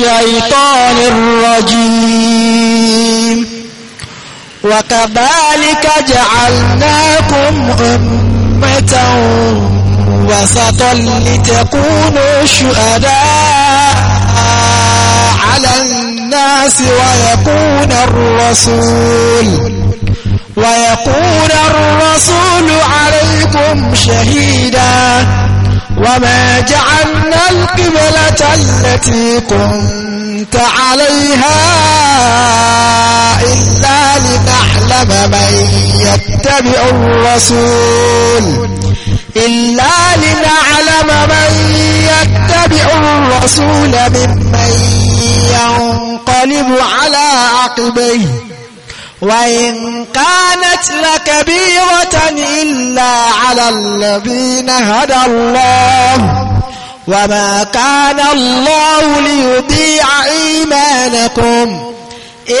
الشيطان الرجيم وكذلك جعلناكم أمة وسطا لتكونوا شهداء على الناس ويكون الرسول ويكون الرسول عليكم شهيداً وما جعلنا القبلة التي كنت عليها إلا لنعلم من يتبع الرسول إلا لنعلم من يتبع الرسول ممن ينقلب على عقبيه وإن كانت لكبيرة إلا على الذين هدى الله وما كان الله ليضيع إيمانكم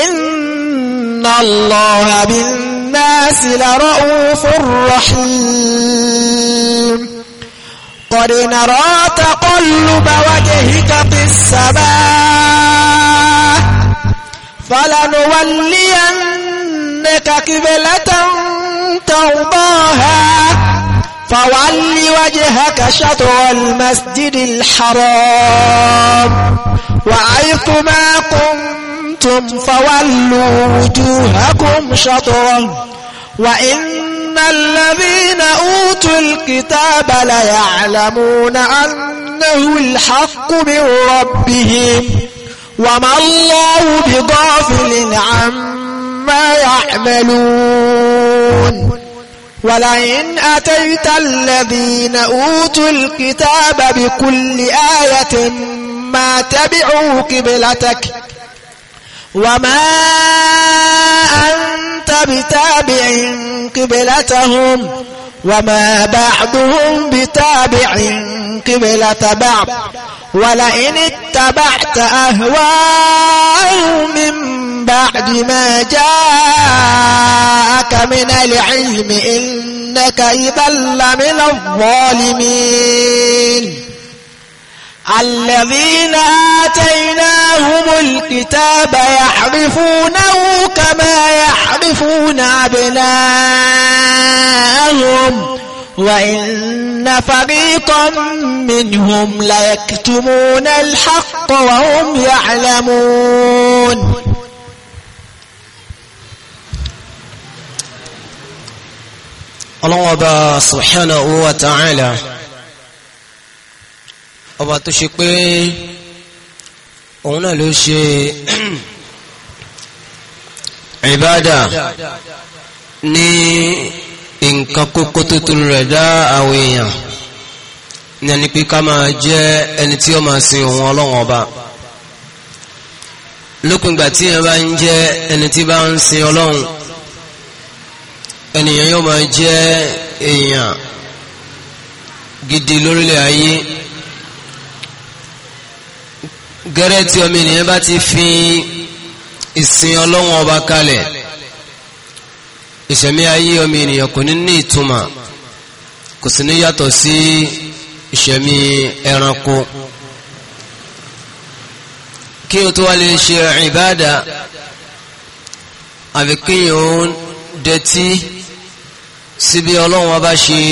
إن الله بالناس لرؤوف رحيم قد نرى تقلب وجهك في السماء فلنولين إنك قبلة ترضاها فول وجهك شطر المسجد الحرام وعيث ما كنتم فولوا وجوهكم شطرا وإن الذين أوتوا الكتاب ليعلمون أنه الحق من ربهم وما الله بغافل عما عما يعملون ولئن أتيت الذين أوتوا الكتاب بكل آية ما تبعوا قبلتك وما أنت بتابع قبلتهم وما بعضهم بتابع قبلة بعض ولئن اتبعت أهواءهم من بعد ما جاءك من العلم إنك إذا لمن الظالمين الذين آتيناهم الكتاب يحرفونه كما يحرفون أبناءهم وإن فريقا منهم ليكتمون الحق وهم يعلمون ọlọ́wọ́ ọba subhanahu wa ta'ala ọba tó ṣe pé òun náà ló ṣe ìbádà ní nǹkan kókó tó tó rẹ̀ dá àwọn èèyàn ní ẹni pé máa jẹ́ ẹni tí ó máa sin òun ọlọ́wọ́ ọba tí èèyàn bá ń jẹ́ ẹni tí bá ń sin ọlọ́run ènìyàn yóò máa jẹ́ èèyàn gidi lórílẹ̀ ayé gẹ́rẹ́ tí ọmọ ènìyàn bá ti fi ìsìn ọlọ́wọ́n ọba kalẹ̀ ìṣẹ̀mí ayé ọmọ ènìyàn kò ní ní ìtumọ̀ kò sì ní yàtọ̀ sí ìṣẹ̀mí ẹranko kí o tó wá lè ṣe ìbáàdà àbíkíyàn ó dẹtí síbi ọlọ́run ọba ṣe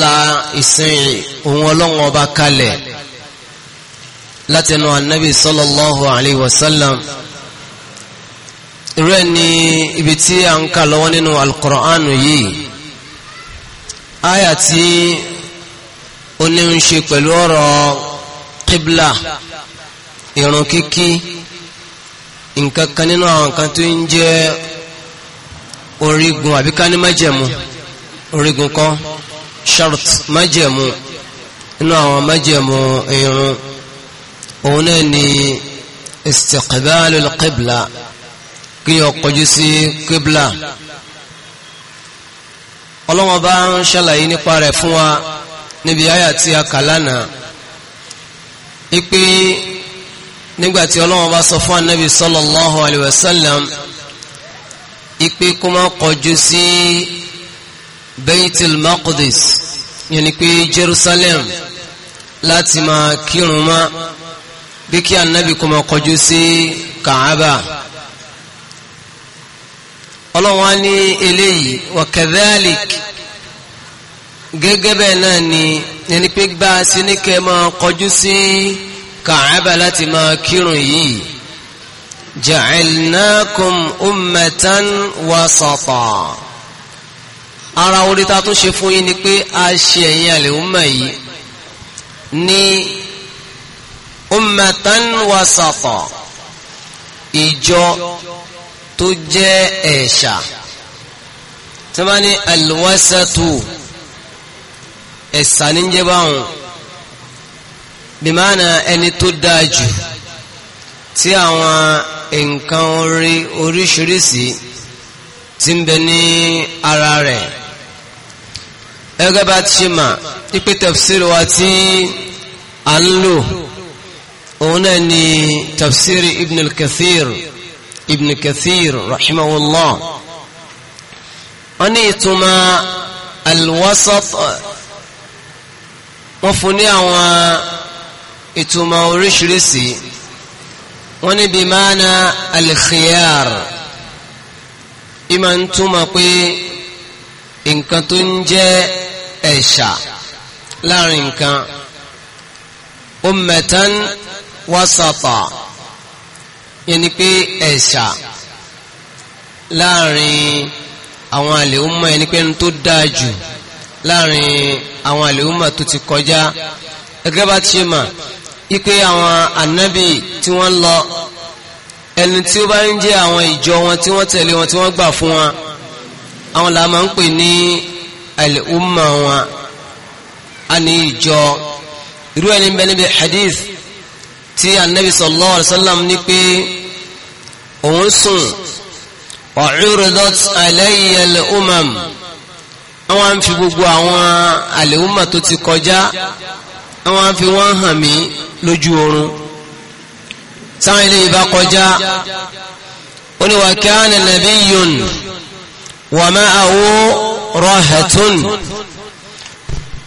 la ìsìn òun ọlọ́run ọba kalẹ̀ látẹnu anabi sallallahu alaihi wasallam. sallam irú ẹ̀ ní ibi tí a ń kà lọ́wọ́ nínú alukur'an yìí aya tí ó ní ń ṣe pẹ̀lú ọ̀rọ̀ qibla ìrun kíkí nǹkan kan nínú àwọn kan tó ń jẹ́ orígun àbí ká ní májẹ̀mú orígun kọ́ shart májẹ̀mú inú àwọn májẹ̀mú irun òun náà ni istiqbalul qibla kí yọ kọjú sí qibla ọlọ́wọ́n bá ń ṣàlàyé nípa rẹ̀ fún wa níbi àyà tí a kà lánàá wípé nígbàtí ọlọ́wọ́n bá sọ fún anabi sallallahu alayhi wa sallam ipe kó máa kọjú sí Baitul Maqdis yẹn ni pé Jerusalem láti máa kírun mọ́ bí kí anabi kó máa kọjú sí Kaaba ọlọ́wọ́n ní eléyìí wa kadhalik gẹ́gẹ́ bẹ́ẹ̀ náà ni ẹni pé gbá síníkẹ́ máa kọjú sí Kaaba láti máa kírun yìí ja'alnakum ummatan wasata ara orí ta tún ṣe fún yín ni pé a ṣe ẹ̀yin àlè umma yìí ní ummatan wasata ìjọ tó jẹ́ ẹ̀ṣà tí wọ́n ní alwasatu ẹ̀ṣà ní jẹ́ bí máa na ẹni tó dáa tí àwọn nǹkan orí oríṣiríṣi tí ń bẹ ní ara rẹ̀ ẹgbẹ́ bá ti ṣe mà pípé tafsir wa tí a ń lò òun náà ni tafsir ibn kathir ibn kathir rahimahullah wọ́n ní ìtumọ̀ al-wasat fún ní àwọn ìtumọ̀ oríṣiríṣi wọ́n ní bí máàna alkhiyar ìmọ̀ ń túmọ̀ pé nǹkan tó ń jẹ́ ẹ̀ṣà láàrin nǹkan ummatan wasata yẹn ni pé ẹ̀ṣà láàrin àwọn àlèhùnmọ̀ yẹn ni pé ẹni tó dáa jù láàrin àwọn àlèhùnmọ̀ tó ti kọjá ẹgẹ́ bá ti ṣe mà ipe àwọn anabi tí wọ́n lọ ẹni tí ó bá ń jẹ́ àwọn ìjọ wọn tí wọ́n tẹ̀lé wọn tí wọ́n gbà fún wọn àwọn làá máa ń pè ní al-umma wọn a ní ìjọ irú ẹni bẹ níbi hadith tí ànábì sallallahu alaihi ní pé òun sùn ọ̀rùrùdọ́t alayya al-umam wọ́n ń gbogbo àwọn al tó ti kọjá wọ́n ń fi hàn mí lójú oorun táwọn ilé ìbá kọjá ó ní wa kana nabiyyun wa ma'ahu rahatun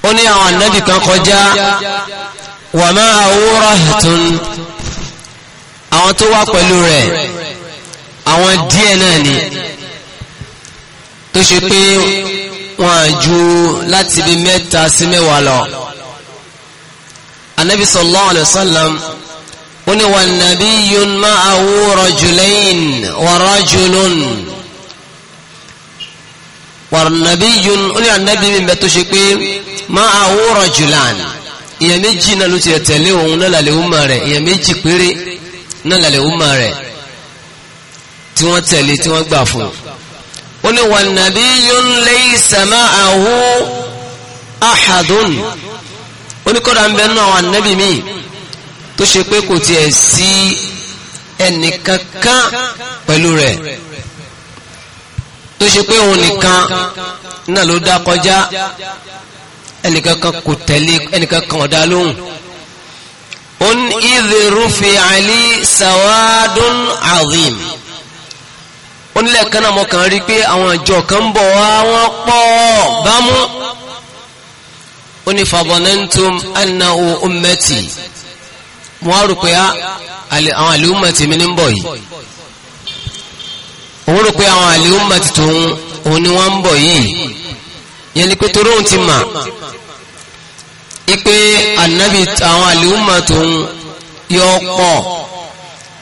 ó ní àwọn ànábì kan kọjá wa ma'ahu rahatun àwọn tó wá pẹ̀lú rẹ̀ àwọn díẹ̀ náà ni tó ṣe pé wọ́n ju láti bí mẹ́ta sí mẹ́wàá lọ anabi sallallahu alayhi wa sallam ó ní wa nabiyyun ma'ahu rajulayn wa rajulun wa nabiyyun ó ní anabi mi bẹ tó ṣe pé ma'ahu rajulan ìyẹn méjì náà ló ti tẹ̀lé òun náà lálẹ́ ọmọ rẹ̀ ìyẹn méjì péré náà lálẹ́ ọmọ rẹ̀ tí wọ́n tẹ̀lé tí wọ́n gbà wa nabiyyun laysa ma'ahu ahadun oníkọ́dà ń bẹ nínú àwọn ànábì míì tó ṣe pé kò tiẹ̀ sí ẹnìkankan pẹ̀lú rẹ̀ tó ṣe pé òun nìkan náà ló dá kọjá ẹnìkankan kò tẹ̀lé ẹnìkankan ọ̀dá lóhùn on ìdèrúfè àìlí sàwádùn azim onílẹ̀ kan náà mọ̀ kàn rí pé àwọn ìjọ kan ń bọ̀ wá wọ́n pọ̀ bámú ó ní fàbọ̀nẹ́ntùm annahu ummati ah, wọ́n rò pé àwọn àlùmọ̀tì mi ní ń bọ̀ yìí òun rò pé àwọn àlùmọ̀tì tòun òun ni wọ́n ń bọ̀ yìí yẹn ni pé torí òun ti mà ipe anabi àwọn àlùmọ̀ tòun yọ pọ̀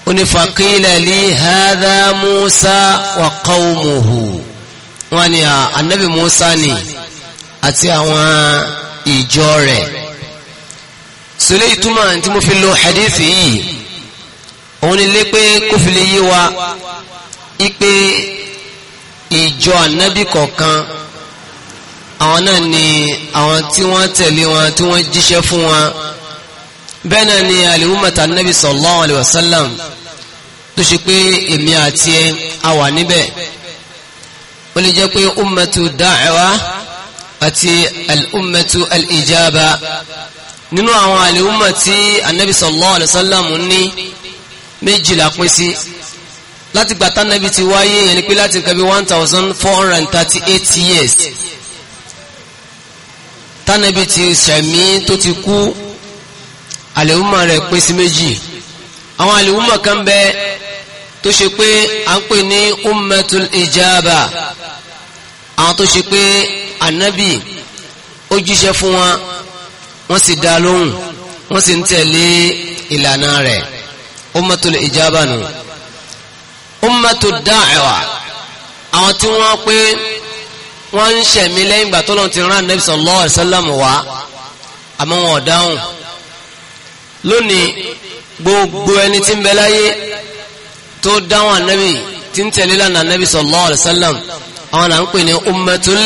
ó ní faqila li hadha Musa wa qawmuhu wọ́n ní anabi Musa ni àti àwọn ìjọ rẹ̀ sọlẹ́ ìtumọ̀ tí mo fi lo hadithi yìí òun ni lé pé kó fi lè yé wa ipe ìjọ ànábì kọ̀ọ̀kan àwọn náà ni àwọn tí wọ́n tẹ̀lé wọn tí wọ́n jíṣẹ́ fún wọn bẹ́ẹ̀ náà ni aliwumata nabi sallallahu alayhi wa sallam tó ṣe pé èmi àti ẹ a wà níbẹ̀ ó lè jẹ́ pé ummatu da'wa àti al'ummatu al'ijaba nínú àwọn al'umma tí annabi sallallahu alaihi wasallam ní méjìlá pín sí láti gbà tánàbí ti wáyé yẹn ni pé láti nǹkan bí 1438 years tánàbí ti ṣẹ̀mí tó ti kú al'umma rẹ̀ pín sí méjì àwọn al'umma kan bẹ tó ṣe pé à ń pè ní ummatul ijaba àwọn tó ṣe pé Anabi, ó jíṣẹ́ fún wọn wọ́n sì dá lóhùn wọ́n sì ń tẹ̀lé ìlànà rẹ̀ ummatul ijaba nù ummatud da'wa àwọn tí wọ́n pé wọ́n ń ṣẹ̀mí lẹ́yìn ìgbà tó lọ́n ti rán ànábì sallallahu alaihi wasallam wá àmọ́ wọn ò dáhùn lónìí gbogbo ẹni tí ń bẹ láyé tó dáhùn ànábì tí ń tẹ̀lé lánàá ànábì sallallahu alaihi àwọn là ń pè ní ummatul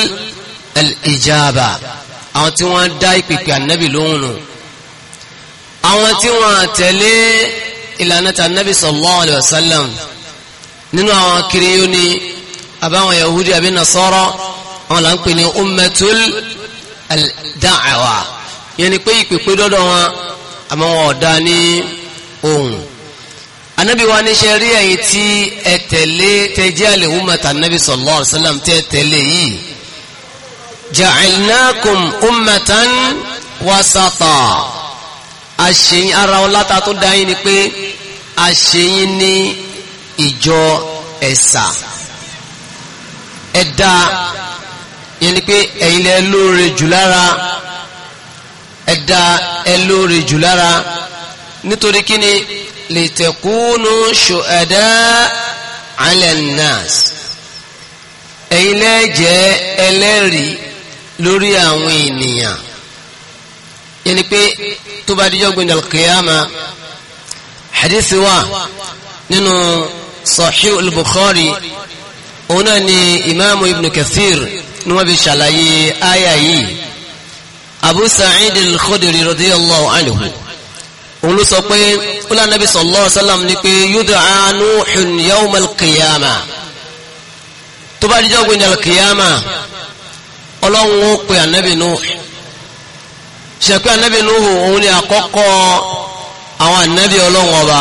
al-ijaba àwọn tí wọ́n dá ìpèpè ànábì lóhùn nù àwọn tí wọ́n tẹ̀lé ìlànà tànábì sallallahu alayhi wa sallam nínú àwọn kiriyó ni àbáwọn yahudi àbí nasara àwọn là ń pè ní ummatul da'awa yẹn ni pé ìpèpè dọ́dọ̀ wọn àmọ́ wọn ọ̀dá ní ohun anabi wa ní ṣe rí ẹ̀yin tí ẹ tẹ̀lé tẹ jẹ́ àlè ummata ànábì sallallahu alayhi wa sallam tẹ tẹ̀lé yìí ja'alnakum ummatan wasata àṣeyìn ara ọláta tó dá yín ni pé àṣeyìn ní ìjọ ẹ̀sà ẹ̀dá yẹn ni pé ẹ̀yin lẹ lóore jù lára ẹ̀dá ẹ lóore jù lára nítorí kí ni litakunu shuhada ala nnas ẹ̀yin lẹ jẹ́ ẹlẹ́rìí lórí àwọn ènìyàn yẹni pé tó bá dijọ́ gbẹ̀ndẹ̀ kìyàmà hadithi wa nínú sahih al-bukhari òun náà ni imaamu ibn kathir ni wọ́n fi ṣàlàyé àyà yìí abu sa'id al-khudri radiyallahu anhu òun ló sọ pé kúlá nabi sallallahu alayhi ni pé yud'a nuhun yawm al-qiyama tó bá dijọ́ gbẹ̀ndẹ̀ kìyàmà ọlọ́run ó pe ànábì Nuhu ṣe pé ànábì Nuhu òun ni àkọ́kọ́ àwọn ànábì ọlọ́run ọba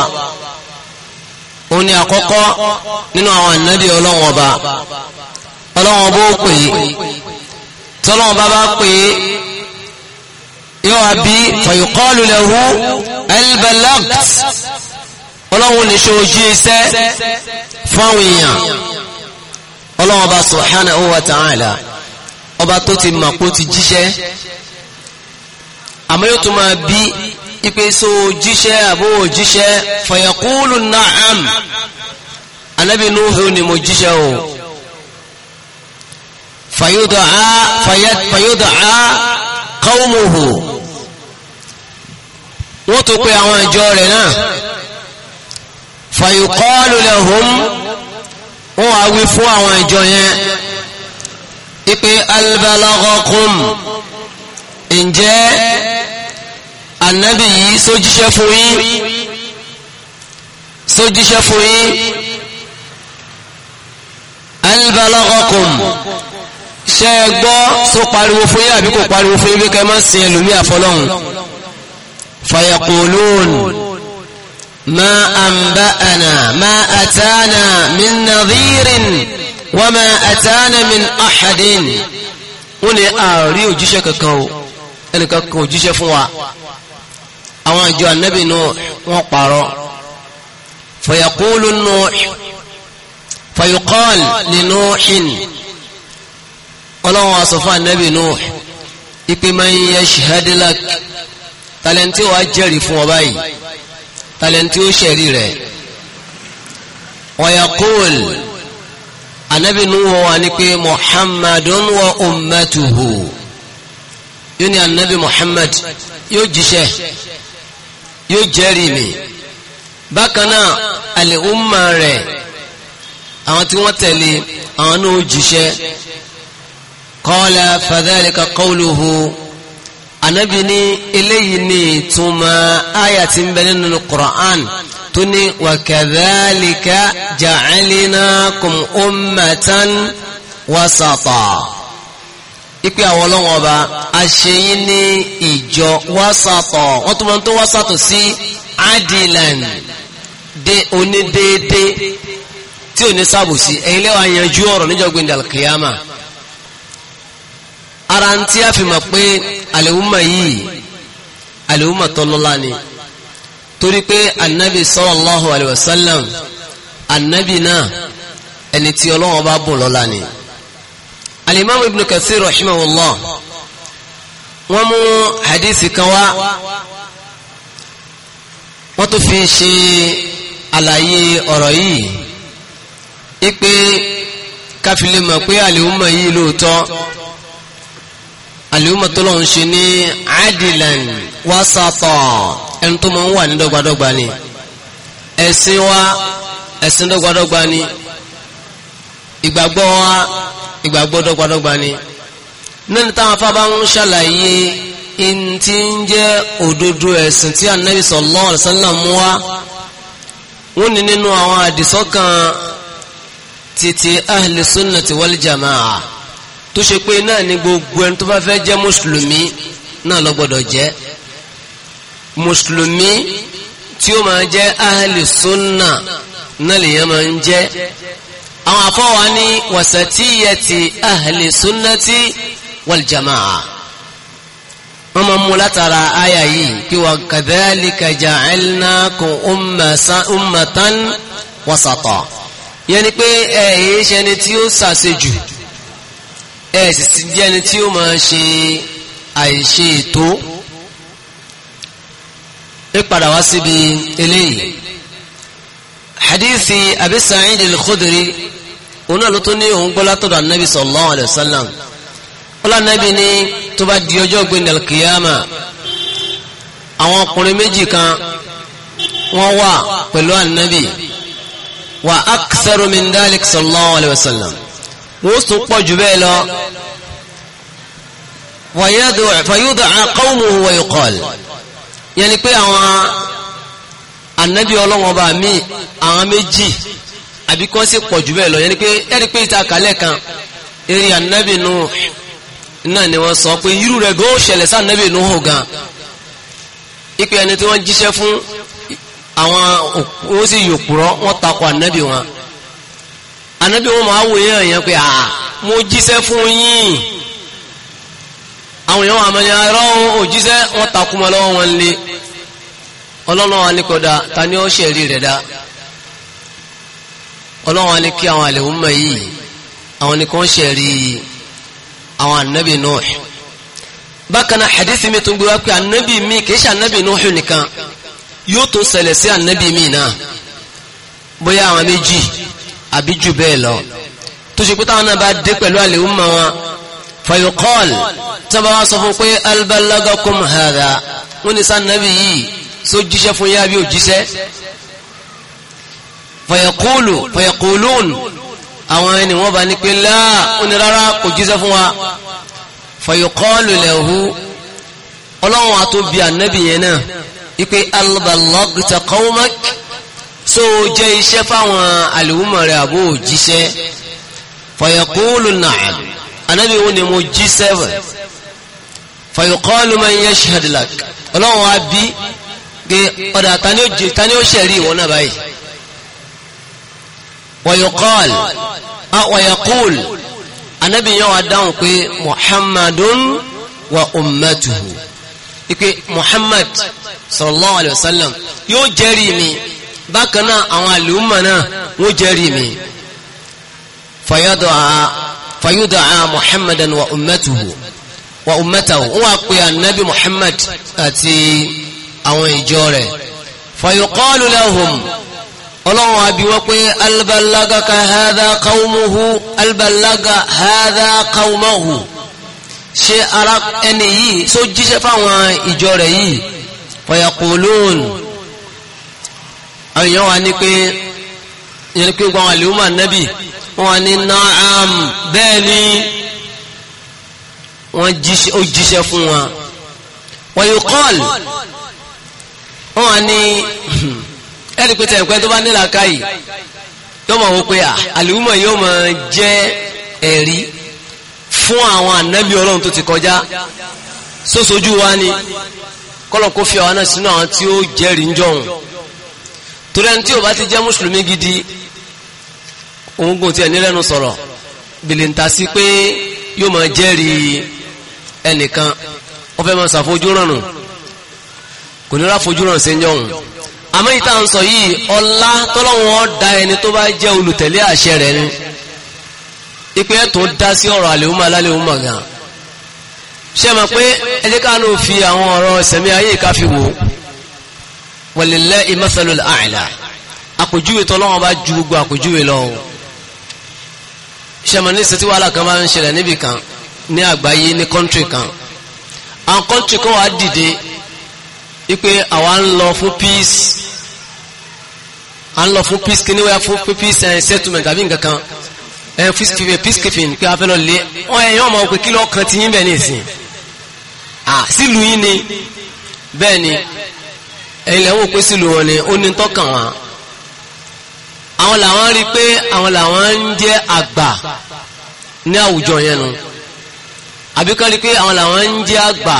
òun ni àkọ́kọ́ nínú àwọn ànábì ọlọ́run ọba ọlọ́run ọba ó pè é tọ́lọ́run bá bá pè é yóò wá bí fayuqalu lahu albalabt ọlọ́run ní ṣe ojú iṣẹ́ fáwọn èèyàn ọlọ́run ọba subhanahu wa ta'ala ọba tó ti mọ̀ kó ti jíṣẹ́ àmọ́ yóò tún máa bí ipe so jíṣẹ́ àbó jíṣẹ́ fayaqulu na'am anabi nuhu ni mo jíṣẹ́ o fayud'a fayud'a qawmuhu wọ́n tó pe àwọn ìjọ rẹ̀ náà fayuqalu lahum wọ́n wá wí fún àwọn ìjọ yẹn. ذِكْرِ الْبَلَغَكُمْ جاء النبي سج شفوي سج شفوي البلغكم شيغبو سو قاريو فويا بي كو قاريو فويا بي كما سيلومي افولون فيقولون ما انبانا ما اتانا من نظير wa ma atana min ahadin wọ́n ní ààrí òjíṣẹ́ kankan o ẹnìkan kan òjíṣẹ́ fún wa àwọn ìjọ ànábì náà wọ́n pààrọ̀ fayaqulu Nuh fayuqal li Nuhin ọlọ́run asọ̀fún ànábì Nuh ipe man anabi nuhu wa ni pé muhammadun wa ummatuhu yóò ní anabi muhammad yóò jíṣẹ́ yóò jẹ́rìí mi bákan náà àlè umma rẹ̀ àwọn tí wọ́n tẹ̀lé àwọn náà ó jíṣẹ́ qala fadhalika qawluhu anabi ní eléyìí ní ìtumọ̀ àyà tí nínú Qur'an tó ní wàkàdálíkà ja'alnakum ummatan wasata ipe àwọn ọlọ́wọ́n ọba aṣeyín ní ìjọ wasatọ̀ wọ́n tún máa ń tó wasatọ̀ sí adilan dé onídéédé tí ò ní sábòsí ẹ̀yin lẹ́wọ̀ àyànjú ọ̀rọ̀ níjọ́ gbẹ̀ndẹ̀ alkiyama ara ń tí a fi mọ̀ pé àlèwúmọ̀ yìí àlèwúmọ̀ tọ́lọ́lá ni torí pé anabi sallallahu alayhi wa sallam anabi náà ẹni tí ọlọ́wọ́ bá bùn lọ́la ni alimami ibn kathir rahimahullah wọ́n mú hadisi kan wá wọ́n tó fi ṣe àlàyé ọ̀rọ̀ yìí ipe káfílẹ̀ mọ̀ pé àlèhùnmọ̀ yìí lóòótọ́ àlèhùnmọ̀ tó lọ́n ṣe ní adilan wasata ẹni tó máa ń wà ní dọ́gbadọ́gba ni ẹ̀sìn wa ẹ̀sìn dọ́gbadọ́gba ni ìgbàgbọ́ wa ìgbàgbọ́ dọ́gbadọ́gba ni nínú táwọn afábá ń ṣàlàyé ntí ń jẹ́ òdodo ẹ̀sìn tí anabi sallallahu alaihi wasallam wa wọ́n ní nínú àwọn àdìsọ́kàn títí ahli sunnati wal jamaa tó ṣe pé náà ni gbogbo ẹni tó bá fẹ́ jẹ́ mùsùlùmí náà ló jẹ́ mùsùlùmí tí ó máa jẹ́ ahli sunna náà lèyàn máa ń jẹ́ àwọn afọ́wà ní wasatiyati ahli sunnati wal jamaa wọ́n máa mú látara àyà yìí kí wa kadhalika ja'alnakum ummatan wasata yẹni pé ẹ̀yìn iṣẹ́ ni tí ó sàṣejù ẹ̀sì jẹ́ni tí ó máa ṣe àìṣe ètò ìpadà wá síbi eléyìí hadithi abi sa'id al-khudri òun náà ló tún ní òun gbọ́lá tọ̀dọ̀ anabi sallallahu alayhi wa sallam ọlá anabi ní tó bá di ọjọ́ gbẹ̀ndẹ̀ al-qiyama àwọn ọkùnrin méjì kan wọ́n wà pẹ̀lú anabi wa aktharu min dhalik sallallahu alayhi wa sallam wọ́n tún pọ̀ jù bẹ́ẹ̀ lọ wàyẹ́dùn fayúdà àkọ́wùmù wọ̀nyí kọ́ọ̀lù yẹn ni pé àwọn ànábì ọlọ́wọ́n ọba mi àwọn méjì àbí kọ́ sí pọ̀ jù bẹ́ẹ̀ lọ yẹn ni pé ẹ̀rí pé ìta kàlẹ́ kan eré ànábì nù náà ni wọ́n sọ pé irú rẹ̀ gan ó ṣẹlẹ̀ sí ànábì nù hàn gan ipe ẹni tí wọ́n jíṣẹ́ fún àwọn ó sì yòkùrọ́ wọ́n takọ ànábì wọn ànábì wọn máa wòye ẹ̀yàn pé à mo jíṣẹ́ fún yín àwọn èèyàn àmàlẹ́ ẹ̀rọ òjíṣẹ́ wọn takùmọ̀ lọ́wọ́ wọn lé ọlọ́run alikọ̀dá ta ni ó ṣẹ̀rí rẹ̀ dá ọlọ́run alẹ́ kí àwọn àlẹ́wọ̀n mọ̀ yìí àwọn nìkan ṣẹ̀rí àwọn ànábì Nuh bákan náà hadith mi tún gbé wá pé ànábì mi kìí ṣe ànábì Nuh nìkan yóò tó ṣẹlẹ̀ sí ànábì mi náà bóyá àwọn méjì àbí jù bẹ́ẹ̀ lọ tó ṣe pé táwọn náà bá dé pẹ̀lú àlẹ́wọ̀n mọ̀ wọn fayokọ́l tí wọ́n bá sọ fún pé albalagakum hada wọ́n ní sá nàbí yìí só jíṣẹ́ fún yá bí ò jíṣẹ́ fayokọ́lù fayokolùn àwọn ẹni wọ́n bá ní pé láà ó ní rárá kò jíṣẹ́ fún wa fayokọ́lù lẹ́hu ọlọ́run àtòbí ànábì yẹn náà ipe albalagta so jẹ́ iṣẹ́ fáwọn àlùmọ̀ rẹ̀ àbò jíṣẹ́ fayokọ́lù na'am anabi wo ni mo jí seven fayokọ́lu ma ń yẹ ṣadilak ọlọ́run wa bí gé ọ̀dà tani ó ṣẹ̀rí ìwọ náà báyìí wayokọ́l wayakul anabi yẹn wa dáhùn pé muhammadun wa ummatuhu ipe muhammad sallallahu alayhi wa sallam yóò jẹ́rìí mi bákan náà àwọn àlùmọ̀ náà wọ́n jẹ́rìí mi fayadọ́ a fayúdà á muhammadan wa ummatuhu wa ummatahu wọ́n wá pé anabi muhammad àti àwọn ìjọ rẹ̀ fayuqalu lahum ọlọ́run àbí wọ́n pé albalaga ka hadha qawmuhu albalaga hadha qawmuhu ṣe ara ẹni yìí só jíṣẹ́ fáwọn ìjọ rẹ̀ yìí fayaqulun àwọn èèyàn wà ní pé ìyẹn pé gbọ́n àlèhùn ànábì wọ́n ní naam bẹ́ẹ̀ ni wọ́n jíṣẹ́ ó jíṣẹ́ fún wa wọ́n yóò kọ́ọ̀l wọ́n ní ẹ̀rí pé tẹ̀kọ́ tó bá nílà káyì yóò mọ̀ wọ́n pé ah, àlùmọ̀ yóò mọ̀ jẹ́ ẹ̀rí fún àwọn ànábì ọlọ́run tó ti kọjá sósojú wa ni kọ́lọ̀ kó fi àwọn náà sínú àwọn tí ó jẹ́rìí ń jọ̀hún torí ẹni tí ò bá ti jẹ́ mùsùlùmí gidi òun kò tiẹ̀ nílẹ́nu sọ̀rọ̀ bìlìntàsí pé yóò máa jẹ́rìí ẹnìkan ó fẹ́ máa ṣàfojúràn nù kò ní ráfojúràn sí ẹjọ́ òun àmọ́ ìta ń sọ yìí ọlá tọ́lọ́wọ́n da ẹni tó bá jẹ́ olùtẹ̀lé àṣẹ rẹ̀ ni ipe ẹ̀ tó dá sí ọ̀rọ̀ àlèhùn máa lálẹ́hùn máa gan ṣe mọ̀ pé ẹjẹ́ káàánú fi àwọn ọ̀rọ̀ ìsẹ̀mí ayé ìka fi wò walillahi mathalul a'la àpèjúwe tọ́lọ́wọ́n bá ju gbogbo àpèjúwe lọ́wọ́ sẹ́mọ̀ní sẹ́tí wàhálà kan máa ń ṣẹlẹ̀ níbì kan ní àgbáyé ní kọ́ńtì kan àwọn kọ́ńtì kan wàá dìde wípé àwa ń lọ fún peace à ń lọ fún peace kí ni wọ́n yà fún peace and eh, settlement àbí nǹkan kan ẹ̀ eh, peace keeping peace keeping pé a fẹ́ lọ lé wọ́n ẹ̀ yàn máa pé kí lọ́ọ́ kan ti yín bẹ́ẹ̀ ní ìsìn à sílùú yín ni bẹ́ẹ̀ ni ẹ̀yin lẹ́wọ̀n pé sílùú wọn ni ó ní tọ́kàn wọn àwọn làwọn rí pé àwọn làwọn ń jẹ́ àgbà ní àwùjọ yẹn nu àbíkọ́ rí pé àwọn làwọn ń jẹ́ àgbà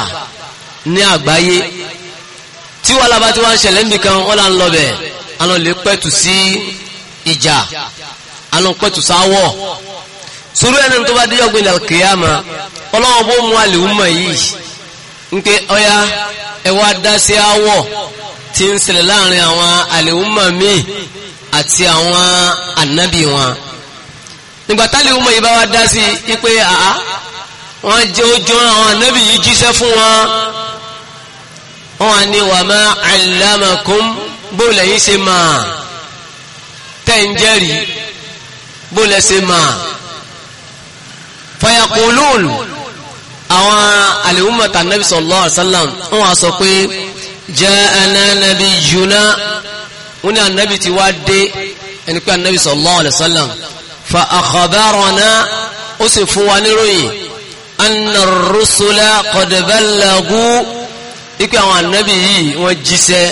ní àgbáyé tí wọ́n lábá tí wọ́n ń ṣẹlẹ̀ níbi kan wọ́n là ń lọ bẹ̀ àwọn lè pẹ̀tù sí ìjà àwọn pẹ̀tù sáwọ̀ sùúrù ẹni tó bá déjọ́ gbìyànjú kìyàmà ọlọ́wọ́ bó mú àlè ọmọ yìí ń pé ọya ẹwà dá sí àwọ̀ tí ń ṣẹlẹ̀ láàrin àwọn àlè ọmọ míì àti àwọn ànábì wọn nígbàtálẹ̀ ọmọ yìí bá wá dá sí i pé àá wọ́n jẹ́ ojú àwọn ànábì yìí jíṣẹ́ fún wọn wọ́n ní wà má àlámàkún bóòlẹ̀ yìí ṣe máa tẹ́ǹjẹ́rì bóòlẹ̀ ṣe máa fayakulun àwọn àlèwùmọ̀tà ànábì sallallahu alaihi wọ́n wá sọ pé jẹ́ anánábì yúná wọ́n ní anabi ti wá dé ẹni pé anabi sallallahu alayhi wa sallam fa akhbarana ó sì fún wa níròyìn anna rusula qad ballagu ikú àwọn anabi yìí wọ́n jíṣẹ́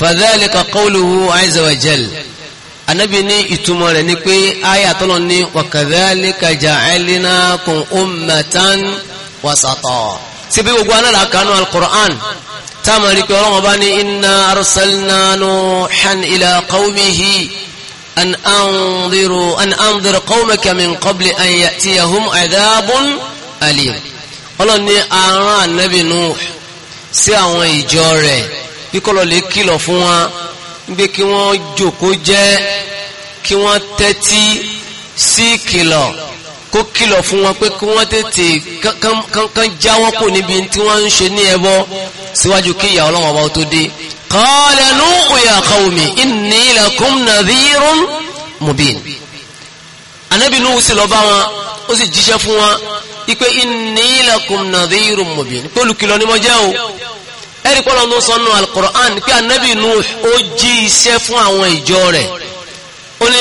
fa dhalika qawluhu azza wa jalla anabi ní ìtumọ̀ rẹ̀ ni pé aya tọ́lọ ní wa kadhalika ja'alnakum ummatan wasata síbi gbogbo anára kanú al táàmà rí pé ọlọ́wọ́ bá ní inna arsalna nuhan ila qawmihi an anziru an anzir qawmaka min qabli an ya'tiyahum adhabun alim ọlọ́wọ́ ní àrùn ànábì Nuh sí àwọn ìjọ rẹ̀ bí kọ́lọ̀ lè kìlọ̀ fún wa gbé kí wọ́n jòkó jẹ́ kí wọ́n tẹ́tí sí kìlọ̀ kó kìlọ̀ fún wọn pé kí wọ́n tètè kankan jáwọ́ kò níbi tí wọ́n ń ṣe ní ẹbọ síwájú kí ìyà Ọlọ́run ọba tó dé qala Nuhu ya qawmi inni lakum nadhirun mubin Ànábì Nuhu sì lọ bá wọn ó sì jíṣẹ́ fún wọn ipe inni lakum nadhirun mubin pé olùkìlọ̀ ni mo jẹ́ o ẹ̀rí pọ́lọ́ ló sọnù al-Qur'an pé Ànábì Nuhu ó jí iṣẹ́ fún àwọn ìjọ rẹ̀ ó ní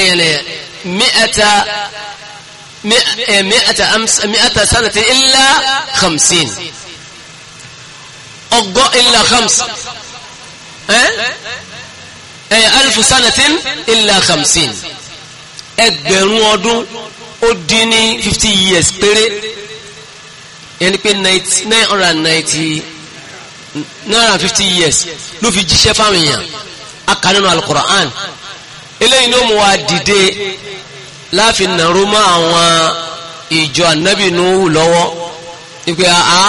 ẹ̀yẹ̀lẹ̀ mi'ata mi'ata sanati illa khamsin ọgọ́ illa khams ẹ̀ alifu sanati illa khamsin ẹgbẹ̀rún ọdún ó dín ní 50 years péré yẹni pé 990 náírà 50 years ló fi jíṣẹ́ fáwọn èèyàn akànnínú al-Qur'an eléyìí ló mú wa dìde láàfin nàró mọ́ àwọn ìjọ ànábì Nuhu lọ́wọ́ ìpè àá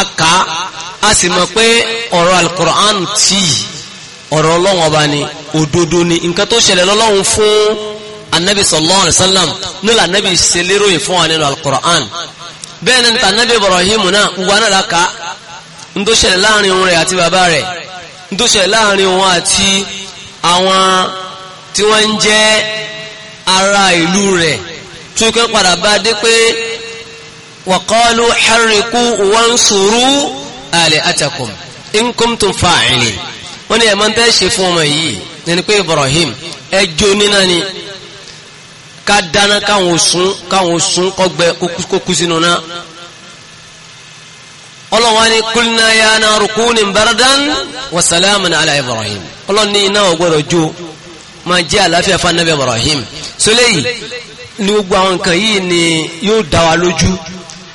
àká a sì mọ̀ pé ọ̀rọ̀ alukur'an tí ọ̀rọ̀ ọlọ́wọ́n ọba ni òdodo ni nǹkan tó ṣẹlẹ̀ lọ́lọ́run fún anabi sallallahu alayhi wa sallam nílò anabi ṣèlérò yìí fún wa nínú alukur'an bẹ́ẹ̀ ni ta anabi ibrahim náà wà náà láka ń tó ṣẹlẹ̀ láàrin òun rẹ̀ àti bàbá rẹ̀ ń ṣẹlẹ̀ láàrin òun àti àwọn tí wọ́n ń jẹ́ ara ìlú rẹ̀ tó kẹ́ padà bá dé pé wàkọ́lù harriku wansuru alihatakum in kuntum fa'ilin wọ́n ni ẹ̀mọ́ tẹ́ ṣe fún ọmọ yìí nínú pé Ibrahim ẹjọ́ níná ni ká dáná káwọn sún káwọn sún kọgbẹ kókú sínú náà ọlọ́wọ́n ni kulna ya naru kuni bardan wa ala Ibrahim ọlọ́ni iná ọgbọ́dọ̀ jó máa jẹ́ àlàáfíà fún anabi ibrahim sólè yìí ni gbogbo àwọn nǹkan yìí ni yóò dá wa lójú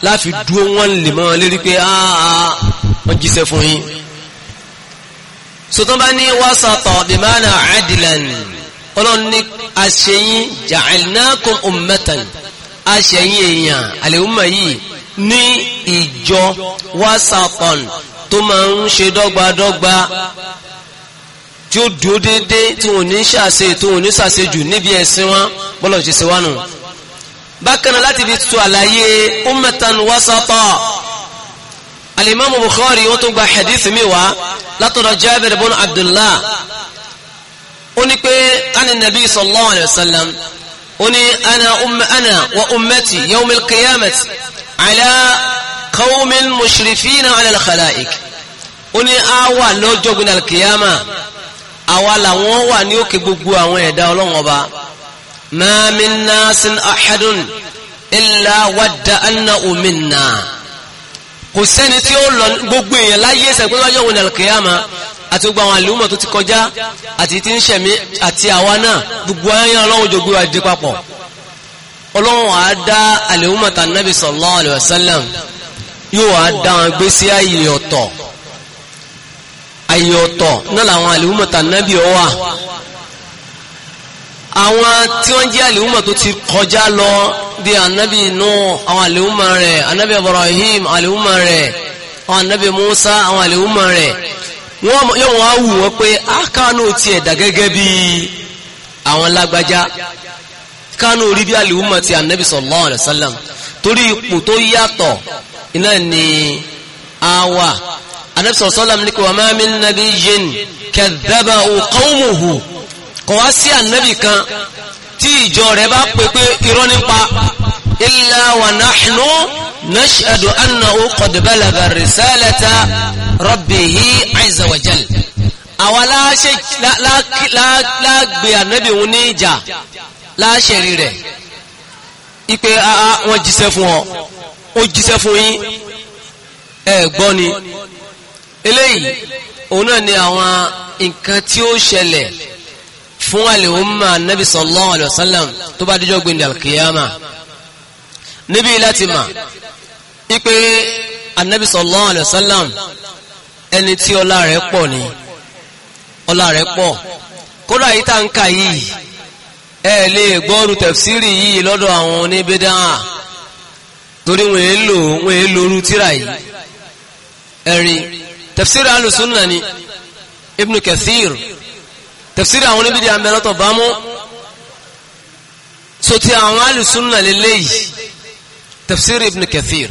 láfi dúró wọn lè mọ́ lérí pé áá wọ́n jíṣẹ́ fún yín sọtún bá ní wasata bimana adilan ọlọ́run ní aṣẹ́yìn ja'alnakum ummatan aṣẹ́yìn èèyàn àlèhùnmọ̀ yìí ní ìjọ wasatan tó máa ń ṣe dọ́gbadọ́gba tí ó dúró déédéé tí wọn ò ní ṣàṣe tí wọn ò ní ṣàṣe jù níbi ẹ̀sìn wọn bọ́lọ̀ ṣe ṣe wá nù. bákan náà láti fi tu àlàyé ummatan wasata alimami bukhari wọn tún gba hadith mi wá látọ̀dọ̀ jabir bin abdullah ó ní pé kánì nàbí sallallahu alayhi wa sallam ó ní ana umma ana wa ummati yawm al-qiyamati ala qawmin mushrifina ala al ó ní a wà lọ́jọ́ àwa làwọn wà ní òkè gbogbo àwọn ẹ̀dá ọlọ́wọ́n ọba ma min nasin ahadun illa wadda anna minna kò sẹ́ni tí ó lọ gbogbo èèyàn láyé ẹsẹ̀ pé wájú òun al-qiyama àti gbogbo àwọn àlùmọ̀ tó ti kọjá àti tí ń ṣẹ̀mí àti àwa náà gbogbo ayé ọlọ́run jogbo àdé papọ̀ ọlọ́run á dá àlùmọ̀ tànàbì sallallahu alaihi wasallam yóò á dá wọn gbé sí ọ̀tọ̀ àyè ọ̀tọ̀ náà làwọn àlìwúmọ̀tà nábì ọ wà àwọn tí wọ́n jẹ́ àlìwúmọ̀ tó ti kọjá lọ bí ànábì inú àwọn àlìwúmọ̀ rẹ̀ ànábì Ibrahim àlìwúmọ̀ rẹ̀ àwọn ànábì Musa àwọn àlìwúmọ̀ rẹ̀ yóò wọ́n á wù wọ́n pé á kánú ti ẹ̀dà gẹ́gẹ́ bí àwọn lágbájá kánú rí bí àlìwúmọ̀ ti ànábì sallallahu alaihi torí ipò tó yàtọ̀ iná ni a wà. Ànábì sallallahu alaihi wasallam ní kí wa ma min nabiyyin kadhabahu qawmuhu kò wá sí ànábì kan tí ìjọ rẹ̀ bá pè pé irọ́ nípa illa wa nahnu nashhadu annahu qad balagha risalata rabbihi azza wa jalla àwa láàgbé ànábì òun ní ìjà láàṣẹ̀rí rẹ̀ ipe ah, ah, wọ́n jíṣẹ́ fún ọ ó jíṣẹ́ fún yín ẹ̀ gbọ́ ni eléyìí òun náà ni àwọn nǹkan tí ó ṣẹlẹ̀ fún àlèhùnmá nabi sallallahu alayhi wa sallam tó bá dijọ́ gbẹ̀ndẹ̀ alkiyama níbi láti mà ipe anabi sallallahu alayhi wa sallam ẹni tí ọlá rẹ̀ pọ̀ ni ọlá rẹ̀ pọ̀ kódà yìí tá ń kà yìí ẹ lè gbọ́rù tẹ̀fsírì yìí lọ́dọ̀ àwọn oníbídáà torí wọn èlò wọn èlò orú tíra yìí ẹ̀rin tafsir alusunna ni ibn kathir tafsir àwọn oníbìdí àmẹ́lọ́tọ̀ bá mú so ti àwọn alusunna lélẹ́yìí tafsir ibn kathir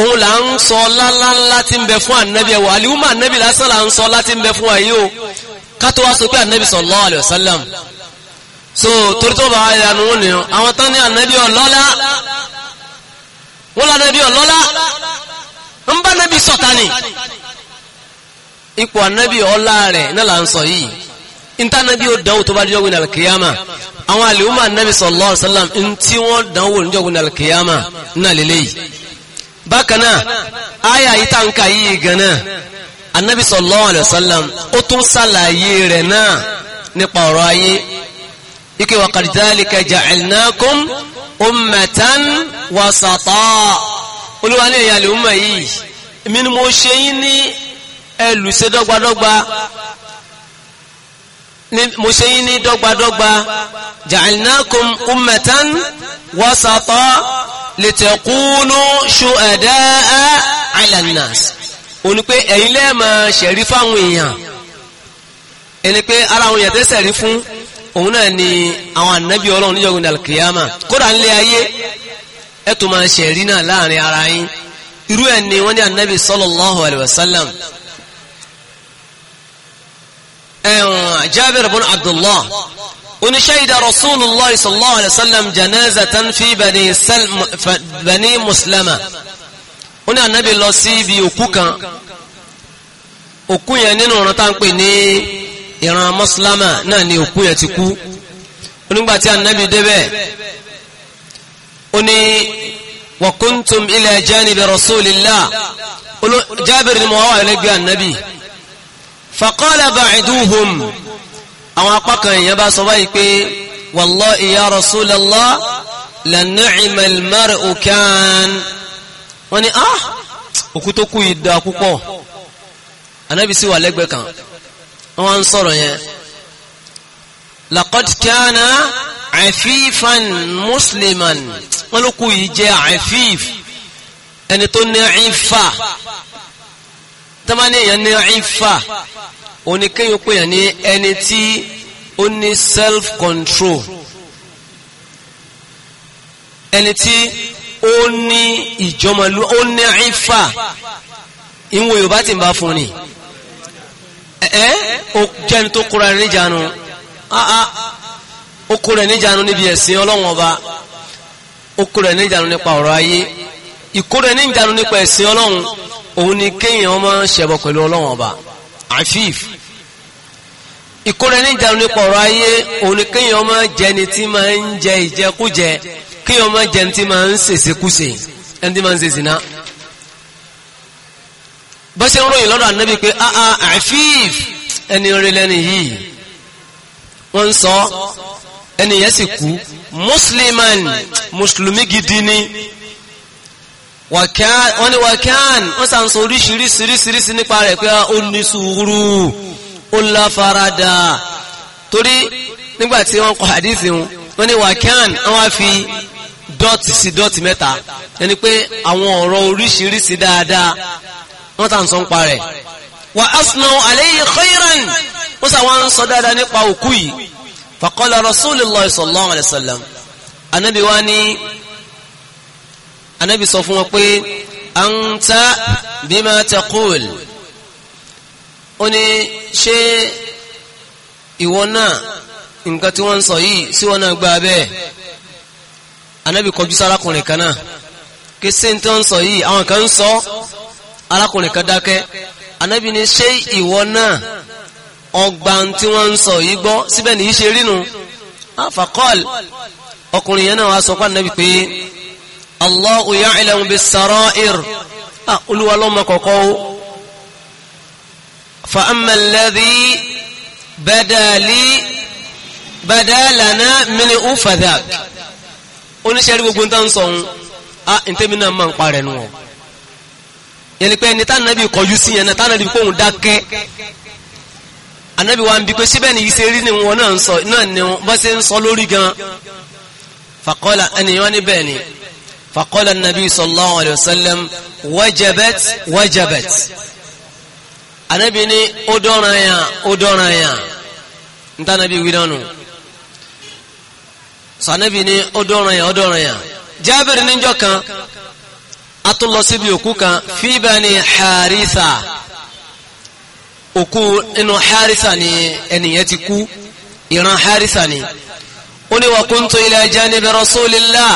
òun là ń sọ lálálá tí ń bẹ fún ànábì ẹwà àlìwúmọ̀ ànábì lásán là ń sọ láti ń bẹ fún àyè o kátó wá sọ pé ànábì sallallahu alaihi wasallam so torí tó bá ìyanu wọn nìyàn àwọn tán ní ànábì ọlọ́lá wọ́n lànàbí ọlọ́lá ń bá ànábì sọ̀tà ni ipò ànábì ọlá rẹ̀ náà là ń sọ yìí ìntànábì ó dánwò tó bá dé jọ́gbìn alkiyama àwọn àlèhùmà ànábì sallallahu alaihi wasallam ń tí wọ́n dánwò ní jọ́gbìn alkiyama náà lélẹ́yìí bákan náà áyà yìí táǹkà yìí gan náà nípa ọ̀rọ̀ ayé ẹlùsẹ́ dọ́gbadọ́gba mo ṣe yín ní dọ́gbadọ́gba ja'alnakum ummatan wasata litakunu shu'ada'a 'ala an-nas o ní pé ẹ̀yin lẹ́ẹ̀mọ̀ ṣẹ̀rí fáwọn èèyàn ẹni pé ara àwọn èèyàn tẹ́ ṣẹ̀rí fún òun náà ni àwọn ànábì ọlọ́run níjọ́gun dàlùkìyàmà kódà ńlẹ̀ ayé ẹ̀tùmọ̀ ṣẹ̀rí náà láàrin ara yín irú ẹ̀ wọ́n ní ànábì sallallahu alaihi جابر بن عبد الله ونشهد رسول الله صلى الله عليه وسلم جنازة في بني سلم بني مسلمة هنا النبي الله سيبي وكوكا òkú yẹn nínú ọ̀ràn tá ń pè ní ìran mọ́sílámà náà ni òkú yẹn ti kú onígbà tí anábì débẹ̀ ó ní wa kuntum ila janibi rasulillah Jábìrì ni mo wà lẹ́gbẹ̀ẹ́ anábì faqala ba'duhum àwọn apá kan èèyàn bá sọ báyìí pé wallahi ya rasulallah la ni'ma al-mar'u kan wọ́n ni ah òkú tó kú ìdá púpọ̀ anábì sí wà lẹ́gbẹ̀ẹ́ kan wọ́n ń sọ̀rọ̀ yẹn laqad kana afifan wọ́n ló kú yìí jẹ́ ẹni tó ní ifa tẹ́mání èèyàn ní ìfà oníkéyìn pé èèyàn ní ẹni tí ó ní self control ẹni tí ó ní ìjọmọlú ó ní ìfà ìwọ̀n yorùbá tí ń fún ni ẹ́ ó jẹ́ni tó kóra rẹ̀ níjànú ah, ah, ó kóra níjànú níbi ẹ̀sìn ọlọ́wọ́n ọba ó kóra níjànú nípa ọ̀rọ̀ ayé ìkóra níjànú nípa ẹ̀sìn ọlọ́run òun ni kéèyàn máa ṣẹbọ pẹ̀lú ọlọ́wọ́n ọba afif ìkóra ẹni ìjánu nípa ọ̀rọ̀ ayé òun ni kéèyàn máa jẹni tí máa ń jẹ ìjẹkújẹ kéèyàn máa jẹni tí máa ń ṣèṣekúṣe ẹni tí máa ń ṣe bó ṣe ń ròyìn lọ́dọ̀ ànábì pé áá ah, ah, afif ẹni rí lẹ́ni yìí wọ́n ń sọ ẹni yẹn sì kú musliman mùsùlùmí gidi ni wọ́n ni wọ́kán wọ́n sàn sọ oríṣiríṣiríṣiríṣi nípa rẹ̀ pé ó ní sùúrù ó láfaradà torí nígbàtí wọ́n kọ hadith wọ́n ni wọ́kán wọ́n fi dọ́ọ̀tì sí dọ́ọ̀tì mẹ́ta ẹni pé àwọn ọ̀rọ̀ oríṣiríṣi dáadáa wọ́n tàn sọ ń rẹ̀ wà asnau alayhi khayran wọ́n sàwọn ń sọ dáadáa nípa òkú yìí faqala rasulullah sallallahu alayhi anábì sọ fún wọn pé anta bima taqul ó ní ṣé ìwọ náà nǹkan tí wọ́n ń sọ yìí sí wọn náà gba bẹ́ẹ̀ anábì kọjú sí arákùnrin kan náà kí sí tí wọ́n ń sọ yìí àwọn kan ń sọ arákùnrin kan dákẹ́ anábì ní ṣé ìwọ náà ọgbà tí wọ́n ń sọ yìí gbọ́ síbẹ̀ nìyí ṣe rínu afakọ́ọ̀lì ọkùnrin yẹn náà wá sọ pé anábì pé Allahu ya'lamu bis-sara'ir à ah, olúwa lọ́mọ kọ̀kọ́ o fa amma alladhi badali badalana mini ufadà oníṣẹ́rí gbogbo nǹkan sọ̀hún a ah, ntẹ́mi náà máa ń parẹ́ nù ọ́ yẹn ni pé ẹni tá nàbí kọjú sí yẹn náà tá nàbí kóhùn dákẹ́ anabi wa ń bi pé síbẹ̀ ni ìṣe rí ni wọn náà ń sọ náà ni wọn bá ṣe ń sọ lórí gan faqala ẹnìyàn níbẹ̀ ni. Bani, فقال النبي صلى الله عليه وسلم وجبت وجبت anabi ni ó dọ́ran yàn ó dọ́ran yàn níta anabi wí nánu sọ anabi ni ó dọ́ran yàn ó dọ́ran yàn jábìrì níjọ kan a tún lọ síbi òkú kan fi bani Haritha òkú inú Haritha ni ẹnìyẹn ti kú ìran Haritha ni ó ní wa kuntu ila janibi rasulillah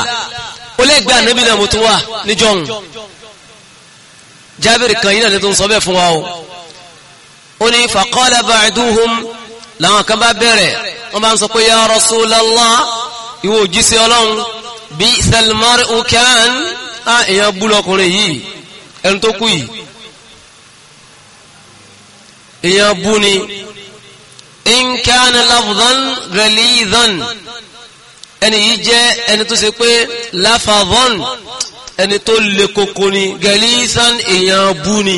lẹ́gbẹ̀ẹ́ ànábì náà mo tún wà níjọ́hun jábìrì kan yìí náà lè tún sọ bẹ́ẹ̀ fún wa o ó ní faqala ba'duhum làwọn kan bá bẹ̀rẹ̀ wọ́n bá ń sọ pé ya Rasulallah ìwọ òjíṣẹ́ ọlọ́run bi'sal mar'u kan á ah, èèyàn bú lọkùnrin yìí ẹni tó kú yìí èèyàn bú ni in kana lafdhan ẹni yìí jẹ́ ẹni tó ṣe pé láfàvọ́n ẹni tó le koko ni gẹ̀lísàn èèyàn bú ni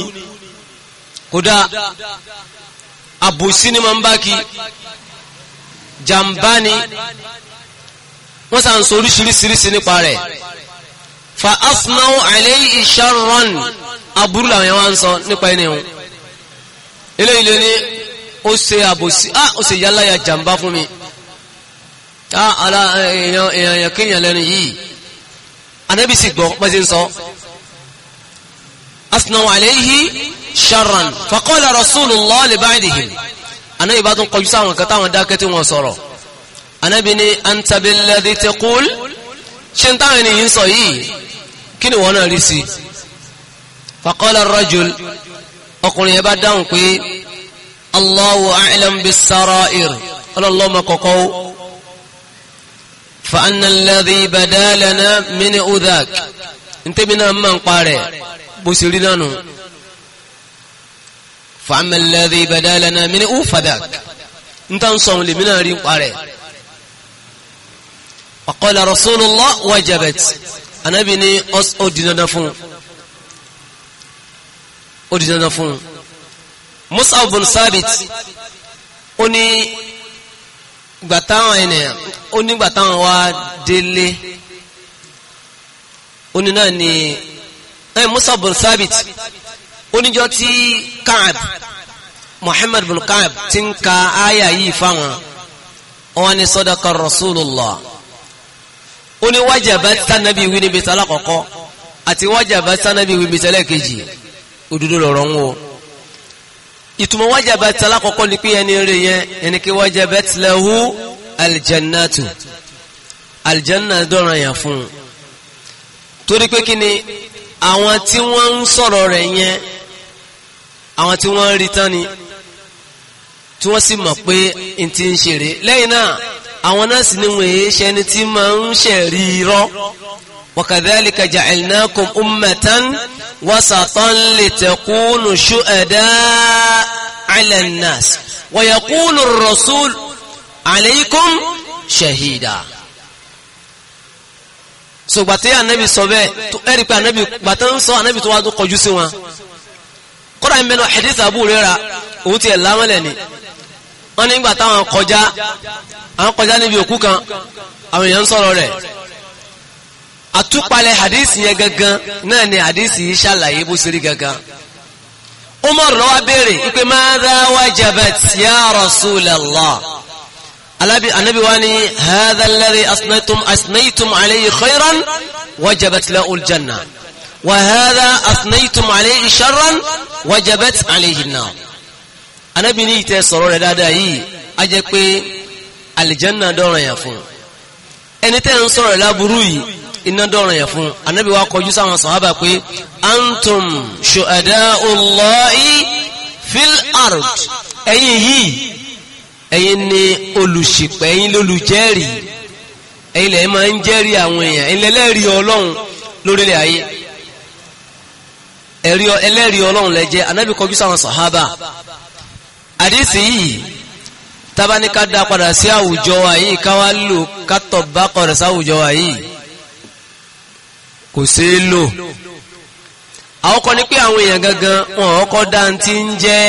kódà àbòsí ni máa ń bá kí jàǹbá ni wọ́n sàn so oríṣiríṣiríṣi nípa rẹ̀ fa asnáwó àìlẹ́ ìṣàrán aburú làwọn yẹn wá ń sọ nípa ẹni wọn eléyìí lé ní ó ṣe àbòsí ah ó ṣe yálàyà jàǹbá fún mi. Ah, ala èèyàn eh, eh, kéèyàn lẹ́nu yìí anábì sì gbọ́ bá ṣe ń sọ asinawo alayhi sharran faqala rasulullah li ba'dihim anábì bá tún kọjú sáwọn kan táwọn dákẹ́ tí wọ́n sọ̀rọ̀ anábì ní anta billadhi taqul ṣe ń táwọn ènìyàn sọ yìí kí ni wọ́n náà rí sí faqala rajul ọkùnrin yẹn bá dáhùn pé allahu a'lam bis-sara'ir ọlọ́lọ́mọ kọ̀kọ́ فأن الذي بدا لنا من أذاك انت من من قارئ بسردانو فأما الذي بدا لنا من أفذاك انت انصم لمنا رين قارئ وقال رسول الله وجبت أنا بني أس أدنا نفون أدنا نفون مصعب بن ثابت أني gbà táwọn ènìyàn ó nígbà táwọn wá délé ó ní náà ni ẹ Musa bin Sabit oníjọ́ tí Ka'ab Muhammad bin Ka'ab ti ń ka àyà yìí fáwọn wọn ni sadaqa Rasulullah ó ní wajabat sanabi wí níbi sálà kọ̀kọ́ àti wajabat sanabi wí níbi sálà kejì òdodo lọ̀rọ̀ ń wo ìtumọ̀ wajabat alákọ̀ọ́kọ́ ni pé ẹni rẹ̀ yẹn ẹni kí wajabat lahu aljannatu aljanna dọ̀ràn yà fún un torí pé kí ni àwọn tí wọ́n ń sọ̀rọ̀ rẹ̀ yẹn àwọn tí wọ́n ń rí tán ni tí wọ́n sì mọ̀ pé n ti ń ṣeré lẹ́yìn náà àwọn náà sì ni wọ́n èé ṣẹni tí máa ń ṣẹ̀rí irọ́ وكذلك جعلناكم أمة وسطا لتكونوا شهداء على الناس ويقول الرسول عليكم شهيدا so gbàtí ànábì sọ bẹ́ẹ̀ tó ẹ̀rí pé ànábì gbàtí ń sọ ànábì tó wá tó kọjú sí wọn hadith Abu Hurairah òun ti ẹ̀ lámọ́lẹ̀ ni wọ́n ní gbàtí àwọn kọjá àwọn kọjá níbi òkú kan àwọn èèyàn ń sọ̀rọ̀ àtúpalẹ̀ hadisi yẹn gangan náà ni hadisi yìí ṣàlàyé bó ṣe rí gangan umar ló wá béèrè ipe madha wajabat ya rasulallah alábi anabi wa ni hadha alladhi asnaytum asnaytum alayhi khayran wajabat lahu aljanna wa hadha asnaytum alayhi sharran wajabat alayhi an-nar anabi ní ìtẹ sọ̀rọ̀ rẹ̀ dáadáa yìí a jẹ́ pé aljanna dọ́rọ̀ yà fún ẹni tẹ́ ń sọ̀rọ̀ láburú yìí iná dọ̀rọ̀ yẹn fún anábì wa kọjú sáwọn sàhábà pé antum shuhadaullahi fil ard ẹ̀yin yìí ẹ̀yin ni olùṣìpẹ̀ ẹ̀yin lólùjẹ́rìí ẹ̀yin lẹ́yìn máa ń jẹ́rìí àwọn èèyàn ẹ̀yin lẹ́lẹ́rìí ọlọ́run lórílẹ̀ ayé ẹ̀rí ẹlẹ́rìí ọlọ́run lẹ jẹ́ anábì kọjú sáwọn sàhábà àdísì yìí tábánikà dá padà sí àwùjọ wa yìí káwá lò kátọ̀ bá kọ̀rẹ̀ sáwùjọ wa yìí kò ṣeé lò àwọn kan ní pé àwọn èèyàn gangan wọn ọkọ dá ń ti ń jẹ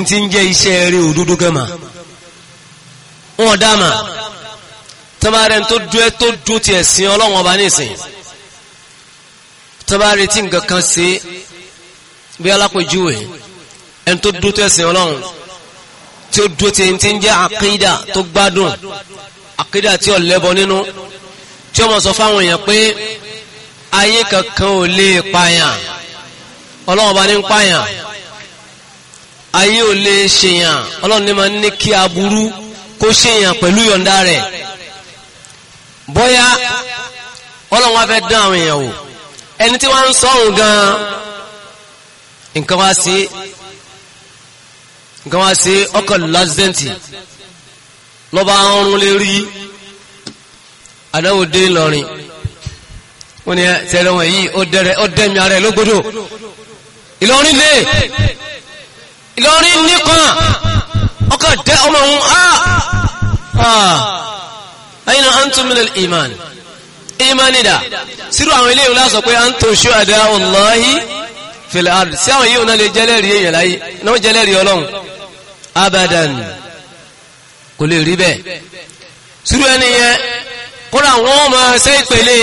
ń ti ń jẹ iṣẹ́ rí òdodo gama wọn dáàmà tọ́mọ̀rẹ́ tó dúẹ́ tó dún ti ẹ̀sìn ọlọ́wọ́n ọba nísìn tọ́mọ̀rẹ́ tí nǹkan kan ṣe bí alápèjúwe ẹni tó dún tó ẹ̀sìn ọlọ́run tí ó dún ti ń jẹ́ àkídà tó gbádùn àkídà tí ó nínú. No? tí ó mọ̀ sọ fáwọn èèyàn pé ayé kankan ò lè payàn ọlọ́run bá ní ń payàn ayé ò lè ṣèyàn ọlọ́run ní máa ń ní kí aburú kó ṣèyàn pẹ̀lú yọ̀ǹda rẹ̀ bóyá ọlọ́run wá fẹ́ dán àwọn èèyàn wò ẹni tí wọ́n ń sọ òun gan nǹkan wá sí nǹkan wá sí ọkọ̀ lásìdẹ́ǹtì lọ́ba ọrùn lè rí àdáwò dé lọ́rin wọ́n ní ṣẹlẹ̀ wọn yìí ó dẹ̀rẹ̀ ó dẹ̀mí ara ẹ̀ lógbòdò ìlọrin lè ìlọrin nìkan ọkọ̀ dẹ́ ọmọ òun á ayna antum min al-iman imanida sírò àwọn ilé ìwòlá sọ pé antum shuhada Allahi fil ard sí àwọn yìí wọn lè jẹ́lẹ̀rí èèyàn láyé náà jẹ́lẹ̀rí ọlọ́run abadan kò lè rí bẹ́ẹ̀ sírò ẹni yẹn kódà wọ́n mọ̀ ṣe ìpele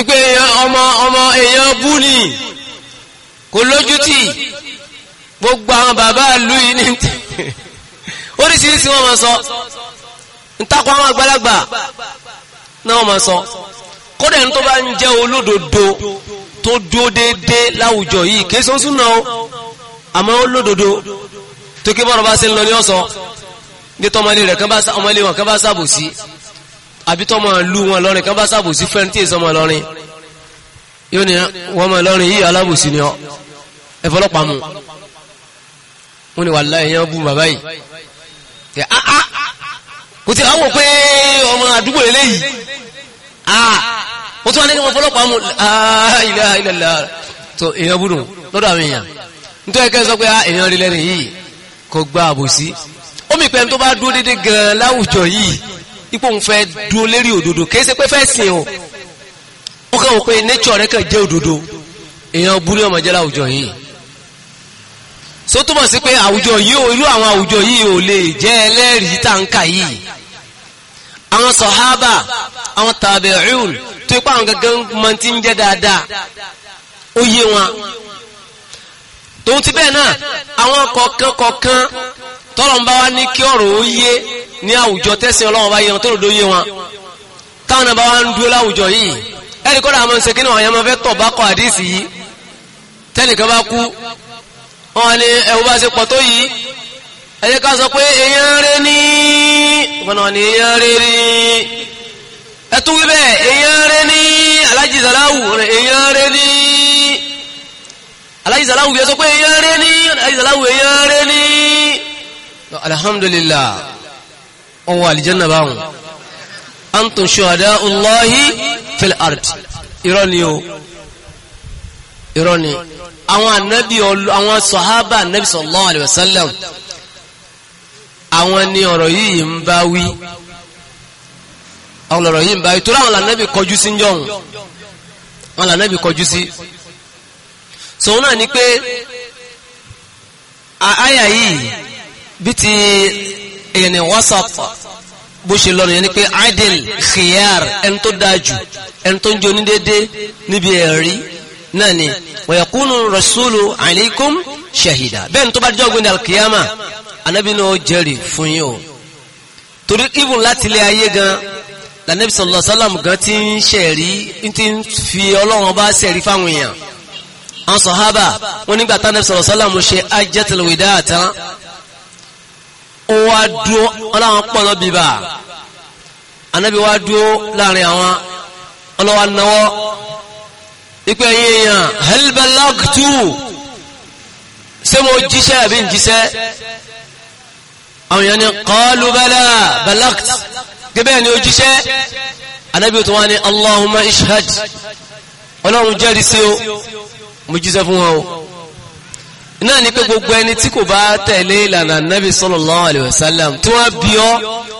ìpè ọmọ ọmọ èèyàn búlì kò lójútì gbogbo àwọn bàbá ìlú yìí ní oríṣiríṣi wọ́n mọ̀ sọ ntakọ̀ àwọn àgbàlagbà náà wọ́n mọ̀ sọ kódà ní tó bá ń jẹ́ olódodo tó dúó déédéé láwùjọ yìí kí sọ́sún náà àmọ́ olódodo tó kí bọ́rọ̀ bá ṣe ń lọ ní ọ̀sán ní tọ́mọlé rẹ̀ kan bá sá ọmọlé wọn kan bá sábòsí àbí tọ́mọ lu wọn lọ́rin kan bá sábòsí fẹ́ni tí èso ọmọ lọ́rin yóò ní wọ́n mọ lọ́rin yìí alábòsí ni ọ ẹ wọ́n ní wàláhì yẹn bú bàbá yìí ah ah, ah ah kò tí àwọn pé ọmọ àdúgbò ah ó tún wá ah ilẹ̀ ilẹ̀ ilẹ̀ tó èèyàn búrò lọ́dọ̀ àwọn èèyàn nítorí kẹ́ sọ pé ah mi pẹ́ tó bá dúró dédé gan-an láwùjọ yìí ipò ń fẹ́ dúró lérí òdodo kìí ṣe pé fẹ́ sìn o ó kàn wọ́n pé nature rẹ̀ kàn jẹ́ òdodo èèyàn burú ọmọ jẹ́ láwùjọ yìí so túmọ̀ sí pé àwùjọ yìí ò irú àwọn àwùjọ yìí ò lè jẹ́ ẹlẹ́rìí tá ń kà yìí àwọn sọ̀hábà àwọn tàbíùn tó ipá àwọn gangan máa ti ń jẹ́ dáadáa ó yé wọn tòun ti bẹ́ẹ̀ náà àwọn kọ̀ọ̀kan kọ̀ọ̀kan tọ́lọ̀n bá wá ní kí ọ̀rọ̀ ó yé ní àwùjọ tẹ́sìn ọlọ́wọ́n bá yẹ wọn tó lòdó yé wọn táwọn bá wá ń dúró láwùjọ yìí ẹnì kọ́dà àmọ́ ṣe kí ni àyàmọ́ fẹ́ tọ̀ bá kọ àdísì yìí tẹ́nìkan bá kú wọn ni alhamdulillah ọwọ́ alìjẹ́nà báwọn antum shuhada'u Allahi fil ard irọ́ ni o irọ́ ni àwọn ànábì àwọn sọ̀hábà ànábì sallallahu alaihi wasallam àwọn ni ọ̀rọ̀ yìí ń bá wí àwọn ọ̀rọ̀ yìí ń bá wí torí àwọn lànábì kọjú sí jọ̀hún àwọn lànábì kọjú sí sòun náà ni pé àyà yìí bí ti ìyẹnì wasat bó ṣe lọ́nà yẹn ni pé adil khiyar ẹni tó dáa jù ẹni tó ń jẹ onídéédé níbi ẹ̀rí náà ni wa yakunu rasulu alaykum shahida bẹ́ẹ̀ ni tó bá jọ́ gbé ní alkiyama anabi náà jẹ́rìí fún yín o torí even láti ilé ayé gan lànàbí sallallahu alaihi wasallam gan ti ń ṣẹ̀rí ti ń fi ọlọ́run bá ṣẹ̀rí fáwọn èèyàn àwọn sọ̀hábà wọn nígbà tánàbí sallallahu alaihi ṣe ajjatul wida ó wá dúó ọláwọn pọ̀ lọ bíbá anábì wá dúó láàrin àwọn ọlọ́wà náwọ́ ipẹ́ yí èèyàn helbelagtu ṣé mo jíṣẹ́ àbí ń jíṣẹ́ àwọn èèyàn ni qalu bala balagt gẹ́bẹ́ ni ó jíṣẹ́ anábì tó wá ní allahumma ishhad ọlọ́run jẹ́rìí sí o mo jíṣẹ́ fún wọn o náà ni pé gbogbo ẹni tí kò bá tẹ̀lé ìlànà nabi sallallahu alayhi sallam tí wọ́n bí ọ́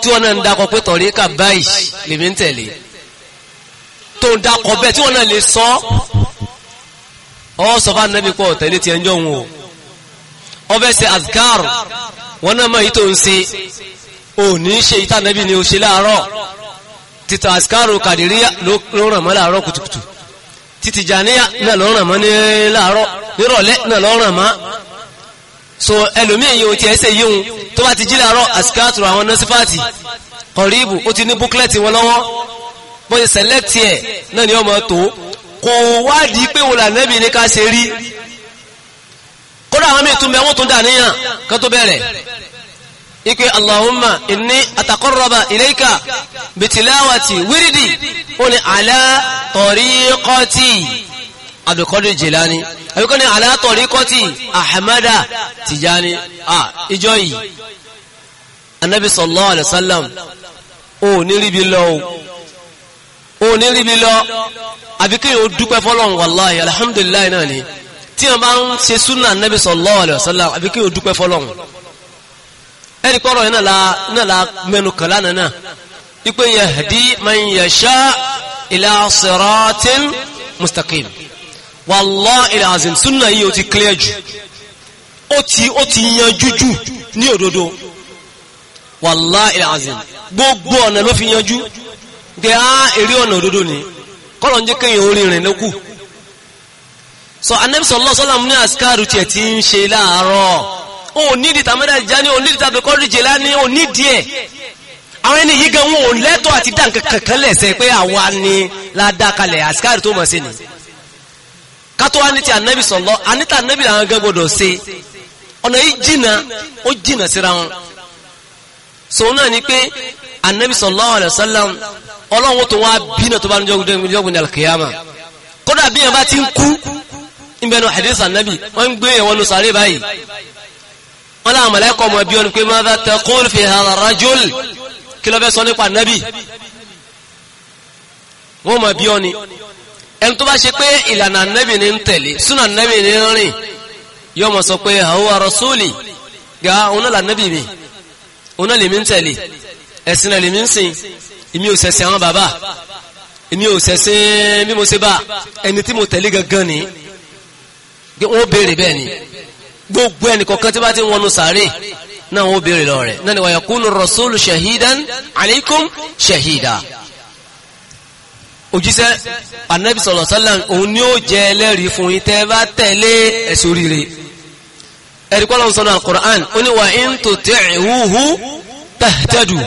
tí wọ́n náà ń dakọ̀ pé tọ̀ríkà báyìí lèmi ń tẹ̀lé tó ń dakọ̀ bẹ́ẹ̀ tí wọ́n náà lè sọ ọ́ sọ fún anabi pọ̀ tẹ̀lé tiẹ̀ ń jọ wọn o ọbẹ̀ azkar wọn náà máa yí tó ń ṣe ò ní ṣe ìtànẹ́bí ni ó ṣe láàárọ̀ títà azkaru kàdírí ló ràn mọ́ láàárọ̀ kùtùkùtù tìtìjàníyà náà ló ràn mọ́ ní láàárọ̀ irole na ló ràn mọ́ so ẹlòmíì yo ti ese yìí hun tó bá ti jí láàárọ̀ àsìkáàtù àwọn nọ́sífàtì kọ̀ríìbù ó ti ní búklẹ̀tì wọn lọ́wọ́ bó ṣe select ẹ̀ náà ni ọmọ tó kò wádìí pé wò lànàbì ní ká ṣe rí kódà àwọn míì tún bẹ wọn tún dà níyàn kan tó bẹ̀rẹ̀ ikpe allahumma inni ataqarraba ilayka bitilawati wiridi oni ala tariqati abdulkadir jilani abdulkadir ni ala tariqati ahmada tijani ah ijo yi anabi sallallahu alaihi wasallam o ni ribi lọ o ni ribi lọ àbí kí o dúpẹ́ fọ́lọ́run wallahi alhamdulillah náà ni tí wọ́n bá ń ṣe súnà anabi sallallahu alaihi wasallam àbí o dúpẹ́ fọ́lọ́run ẹ̀rí kọ́rọ̀ yẹn náà la mẹ́nu kàn lánàá náà ipe yahdi man yasha ila siratin mustaqim wallahi alazim súnà yìí ó ti clear jù ó ti ó ti yanjú jù ní òdodo wallahi alazim gbogbo ọ̀nà ló fi yanjú gbé á eré ọ̀nà òdodo ni kọ́lọ̀ ń jẹ́ kéèyàn orí rìn lókù so anabi sallallahu alaihi ní àsìkáàrù tiẹ̀ ti ń ṣe láàárọ̀ òun nídìí tàmídà Tijani òun nídìí tàbí kọ́rí jìlá ní òun nídìí ẹ̀ àwọn ẹni yìí gan wọn ò lẹ́tọ̀ àti dá nǹkan kankan lẹ̀sẹ̀ pé àwa ni ládàkalẹ̀ àsìkárì tó mọ̀ sí ni kátó wá ní ti ànábì sọ̀lọ́ àníta ànábì làwọn gan gbọdọ̀ ṣe ọ̀nà yìí jìnà ó jìnà síra wọn sòun náà ni pé ànábì sallallahu alaihi wasallam ọlọ́run tó wá bínà tó bá ní jọ́gbìn alkiyama kódà bí yẹn bá ti ń kú ìbẹ̀nu àdìsàn ànábì wọ́n ń gbé ẹ̀wọ̀n lọ sàárè báyìí wọ́n láwọn mọ̀lẹ́kọ̀ mọ̀ bí ọ́nù pé mọ́dá taqul fi hadha rajul kí ló fẹ́ sọ nípa nẹ́bì wọ́n mọ̀ bí ọ́nì ẹni tó bá ṣe pé ìlànà nẹ́bì ní ń tẹ̀lé súnà nẹ́bì ní ń rìn yóò mọ̀ sọ pé huwa rasuli ga òun náà là nẹ́bì mi ń tẹ̀lé ẹ̀sìn náà lèmi ń sìn èmi ò ṣẹ̀sìn àwọn bàbá èmi ò ṣẹ̀sìn bí mo ṣe bá ẹni tí mo tẹ̀lé gangan ni wọ́n béèrè bẹ́ẹ̀ ni gbogbo ẹnìkọ̀kan tí bá ti wọnú sàárè náà wọ́n bèèrè lọ rẹ̀ náà ni wa yakunu rasulu shahidan alaykum shahida òjíṣẹ́ anabi sallallahu sallam òun ni ó jẹ́ ẹlẹ́rìí fún yín bá tẹ̀lé ẹ̀sùn rire ẹ̀rí kọ́ lọ́wọ́ sọ́nà al ó ní wa in tuti'uhu tahtadu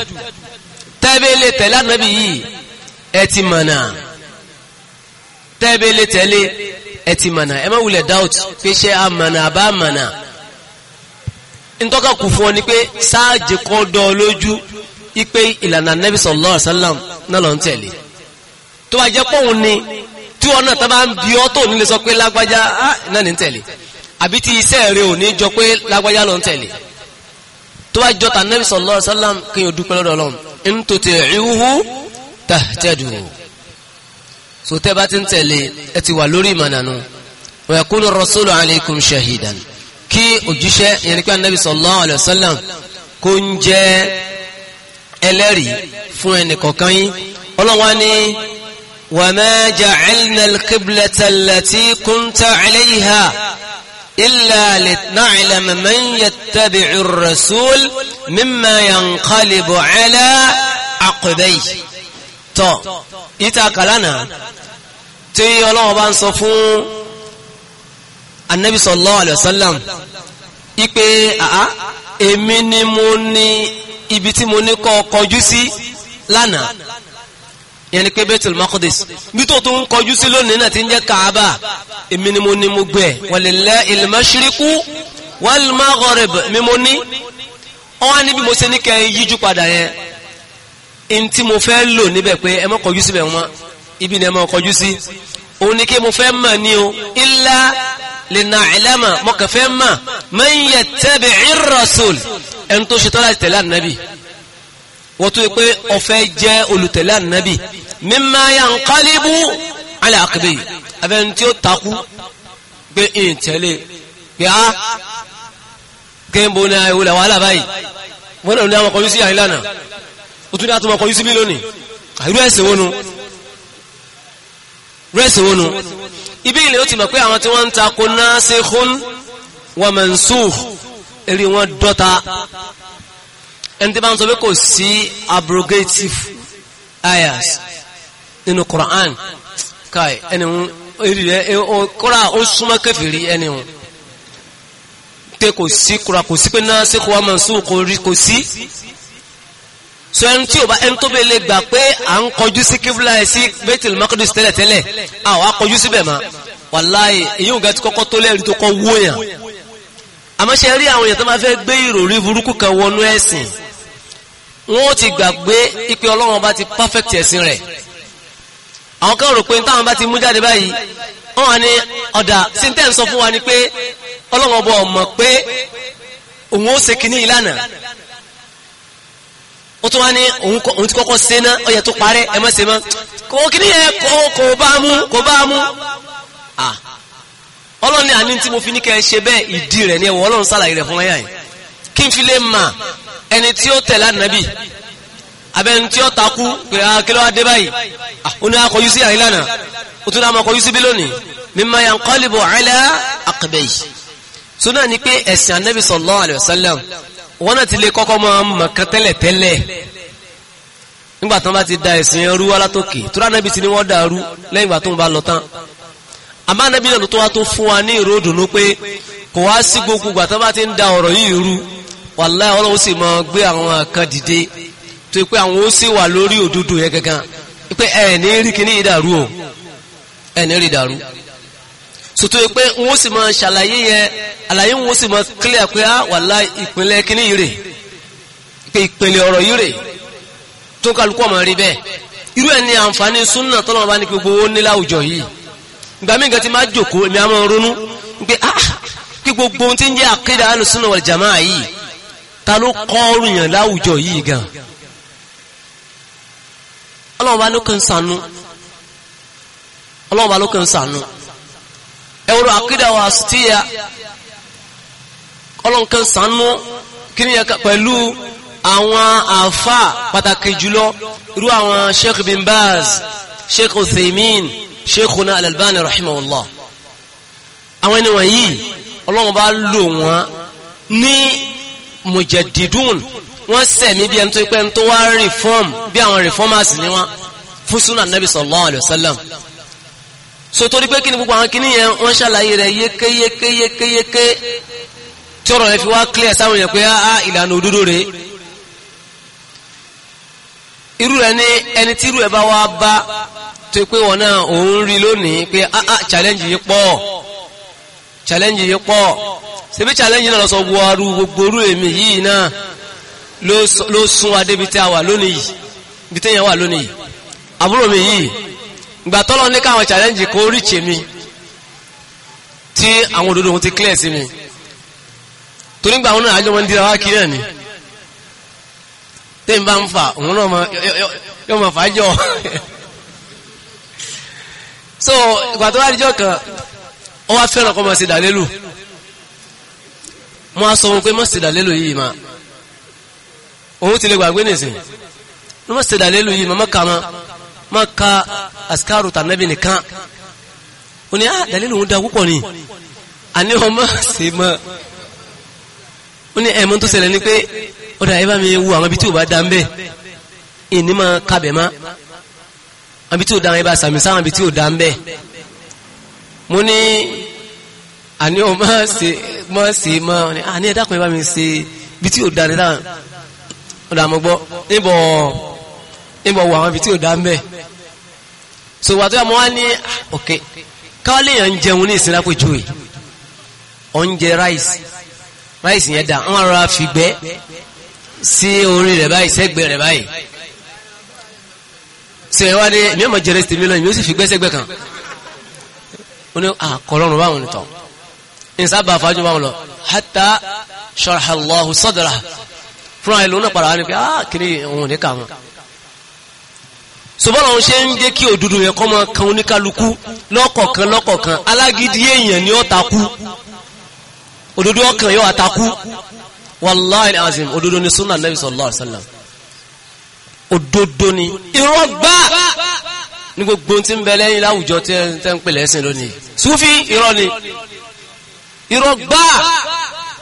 tẹ́bẹ̀lẹ̀ tẹ̀lé anabi yìí ẹ ti mọ̀nà. tẹ́ẹ̀bẹ́ lè tẹ̀lé ẹ ti mọ̀nà ẹ má wulẹ̀ doubt pé ṣé a mọ̀nà àbá mọ̀nà ntọ́ka fún ọ ni pé sáàjì kọ́ dọ́ lójú ipe ìlànà nabi sallallahu alaihi wasallam náà lọ ń tẹ̀lé tó bá jẹ́ pọ́hùn ni tí wọn náà tábà ń bi ọ́ tó nílé sọ pé lágbájá náà ní tẹ̀lé àbí ti iṣẹ́ rẹ ò ní jọ pé lágbájá lọ ń tẹ̀lé tó bá jọ kí n dúpẹ́ lọ́dọ̀ ọlọ́run ń so tẹ́ bá ti ń tẹ̀lé ẹ ti wà lórí ìmọ̀nànú wa yakunu rasulu alaykum shahidan kí òjíṣẹ́ yẹn ni pé anabi sallallahu alayhi wa sallam kó ń jẹ́ ẹlẹ́rìí fún ẹnì kọ̀ọ̀kan yín ọlọ́wọ́ ni wa ma ja'alna al-qiblata allati kunta alayha illa lina'lama man yattabi'u ar-rasul mimma yanqalibu ala aqbayhi tọ́ ìta kàlánà tí ọlọ́wọ́ bá ń sọ fún anabi sallallahu alayhi wa sallam ipe àá èmi ni mo ní ibi tí mo ní kọ́ kọjú sí lánàá yẹn ni pé Baitul Maqdis bí tó tún kọjú sí lónìí náà ti ń jẹ́ Kaaba èmi ni mo ní mo gbẹ e. walillahil mashriqu wal mi mo ní ọwọ́ níbi mo ṣe ní kẹ́ yíjú padà yẹn in tí mo fẹ́ lò níbẹ̀ pé ẹ má kọjú síbẹ̀ wọn ibi ni ẹ má kọjú sí òun ni kí mo fẹ́ mọ̀ ní o illa lina'lama mo kàn fẹ́ mọ̀ man yattabi'ir rasul ẹni tó ṣetán láti tẹ̀lé ànábì wọ́n tó yẹ pé ọ̀fẹ́ jẹ́ olùtẹ̀lé ànábì mimma yanqalibu ala aqibi abẹ́ni tí ó takú gbé ìtẹ̀lé pé á gẹ́gbó ní ayéwòlẹ̀ wàhálà báyìí wọ́n náà ní àwọn kọjú sí àyílànà ó tún ní àtúmọ̀ kọjú sí mi lónìí irú ẹ̀sìn wónú rẹ́sìn ibi ilẹ̀ ó ti mọ̀ pé àwọn tí wọ́n ń ta ko nasikhun wa mansukh eré wọn dọ́ta ẹni tí bá ń sọ pé kò sí abrogative ayas nínú Quran káì ẹni wọn èrì rẹ kọ́ra ó súnmọ́ kẹfìrí ẹni wọn pé kò sí kura kò sí pé nasikhun wa mansukh kò sí so ẹni tí o bá ẹni tó bẹ lè gbà pé à ń kọjú sí kíbla ẹ sí Baitul Maqdis tẹ́lẹ̀ tẹ́lẹ̀ a wà á kọjú síbẹ̀ ma wàláyé èyí ò ga ti tó lẹ́rìí tó kọ́ wó yàn àmọ́ ṣe àwọn èèyàn tó máa fẹ́ gbé ìròrí burúkú kan wọnú ẹ̀sìn wọ́n ti gbàgbé ipe Ọlọ́run bá ti perfect ẹ̀sìn rẹ̀ àwọn kan rò pé táwọn bá ti mú jáde báyìí wọ́n wà ní ọ̀dà síntẹ́ ń sọ fún wa ni pé Ọlọ́run ọba ọ̀mọ̀ pé òun ó ṣe kinní ìlànà ó tún wá ní òun ti kọ́kọ́ ṣe náà ó yẹ tó parẹ́ ẹ má ṣe mọ́ kò kí ni yẹ kò bá mú kò bá mú ọlọ́run ní àní tí mo fi ní kẹ́ ẹ ṣe bẹ́ẹ̀ ìdí rẹ̀ ní ẹ̀wọ̀n ọlọ́run sàlàyé rẹ̀ fún ẹ̀yà yìí kí n fi lè mà ẹni tí ó tẹ̀lé ànábì abẹ́ni tí ó takú pé akílọ́ ah, adé báyìí ó ní akọ̀yú sí àìlànà ó tún náà akọ̀yú sí bí lónìí mimma yanqalibu ala aqbayhi tó náà ni pé ẹ̀sìn ànábì sallallahu alaihi wasallam wọ́n náà ti lè kọ́kọ́ mọ́ mọ̀kan tẹ́lẹ̀tẹ́lẹ̀ nígbà tán bá ti da ẹ̀sìn ẹrú wá látòkè tó rá nẹ́bi ti ní wọ́n dàrú lẹ́yìn ìgbà tó ń bá lọ tán àmọ́ nẹ́bi náà tó wá tó fún wa ní ìró dùnú pé kò wá sí gbogbo ìgbà tán bá ti ń da ọ̀rọ̀ yìí rú wàláhì ọlọ́run sì mọ gbé àwọn kan dìde tó pé àwọn ó sì wà lórí òdodo yẹn gangan pé ẹ̀ ní rí kíní ìdàrú ẹ̀ ní rí ìdàrú. tuntun yìí pé n ó sì máa ṣàlàyé yẹn àlàyé n ó sì máa clear pé á ah, wàláhì ìpínlẹ̀ kíní yìí rè pé ìpínlẹ̀ ọ̀rọ̀ yìí rè tó kálukú ọmọ rí bẹ́ẹ̀ irú ẹ̀ ní àǹfààní súnà tọ́lọ́mọ bá ní gbogbo owó nílá àwùjọ yìí ìgbà mí nǹkan ti máa jòkó èmi á máa ronú pé ah, kí gbogbo ohun tí ń jẹ́ yìí ta ló kọ́ ọ́rùn yàn láwùjọ yìí gan ló kàn sànú ló kàn sànú ẹwọ́rọ̀ àkídà wa stíyà ọlọ́nkan sànú kíníyà pẹ̀lú àwọn àfà pàtàkì jùlọ irú àwọn sheikh bin baz sheikh uthaymin Sheikh al-albani rahimahullah àwọn ẹni wọ̀nyí ọlọ́run bá lò wọ́n ní mujadidun wọ́n sẹ̀mí bí ẹni tó pẹ́ tó wá reform bí àwọn reformers ni wọ́n fún sunnah nabi sallallahu alayhi sallam so torí pé kí ni gbogbo àwọn kìíní yẹn wọ́n ṣàlàyé rẹ̀ yéké yéké yéké yéké tí ọ̀rọ̀ rẹ̀ fi wá clear sáwọn èèyàn pé á ah, ah, ìlànà òdodo rẹ̀ irú rẹ̀ ní ẹni tí irú ẹ̀ bá wá bá tó pé wọn náà òun rí lónìí pé áá ah, challenge yìí pọ̀ challenge yìí pọ̀ ṣebí challenge náà lọ sọ wọ arú gbogbo orú èmi yìí náà ló sún wa débi tí a wà lónìí bí téèyàn wà lónìí àbúrò mi yìí ìgbà tọ́lọ́ ní káwọn challenge kó ríche mi tí àwọn òdodo ohun ti clear sí mi tó nígbà àwọn náà àjọmọ́ ń dira wá kiri ẹ̀ni tí n bá ń fà òun náà yóò mọ̀ fàájọ́ so ìgbà tó wá díjọ́ kan ó wá fẹ́ràn kọ́ mọ̀ sí ìdálélù mo á sọ wọn pé mọ̀ sí ìdálélù yìí mà òun ti lè gbàgbé nìsín mọ̀ sí ìdálélù yìí mà mọ̀ kà mọ́ ma ka asikaru ta nabi nìkan ó ní ah dalilu ń da púpọ̀ ni àní wọn má ṣe mọ́ ó ní ẹ̀mọ́ tó ṣẹlẹ̀ ni pé ó dà ẹ̀bá mi wu àwọn ibi tí ò bá da ń bẹ̀ ìní ma kabẹ̀ má àbí tí ò da àwọn ẹ̀bá sáwọn ibi tí ò da ń bẹ̀ mo ní àní wọn má ṣe mọ́ ṣe mọ́ àní ah, ẹ̀dá kan ẹ̀bá mi ṣe ibi tí ò da ni dáhùn ó dà mọ́ gbọ́ níbọ̀ níbọ̀ wọ àwọn ibi tí ò da ń so wà tó yà mọ́ wá ní ah, ok káwálé yàn ń jẹun ní ìsinmi àpèjú yìí oúnjẹ ráìsì ráìsì yẹn dà wọ́n rọra fìgbẹ́ sí orí rẹ̀ báyìí sẹ́gbẹ́ rẹ̀ báyìí sọ ẹ wá ní èmi ọmọ jẹrẹ sí mi lọ èmi ó sì fìgbẹ́ sẹ́gbẹ́ kan ó ní àkọlọ́run ah, báwọn ni tọ̀ ní sábà fàájú báwọn lọ hátà ṣọ̀rọ̀ àlọ́hùn sọ́dọ̀rà fúnra ẹ̀ lónà padà wá pé ah kiri òun ò ní kà wọn ṣùgbọ́n àwọn ṣe ń jẹ́ kí òdúdú yẹn kọ́ máa kan oníkálukú lọ́kọ̀ọ̀kan lọ́kọ̀ọ̀kan alágídí èèyàn ni ó takú òdúdú ọkàn yóò atakú wàláhì azim òdúdú ni súnà Nabi sallallahu alaihi wasallam òdúdú ni irọ́ gbá ní gbogbo tí ń bẹ lẹ́yìn láwùjọ tẹ́ ń pè lẹ́sìn lónìí Súfí irọ́ ni irọ́ gbá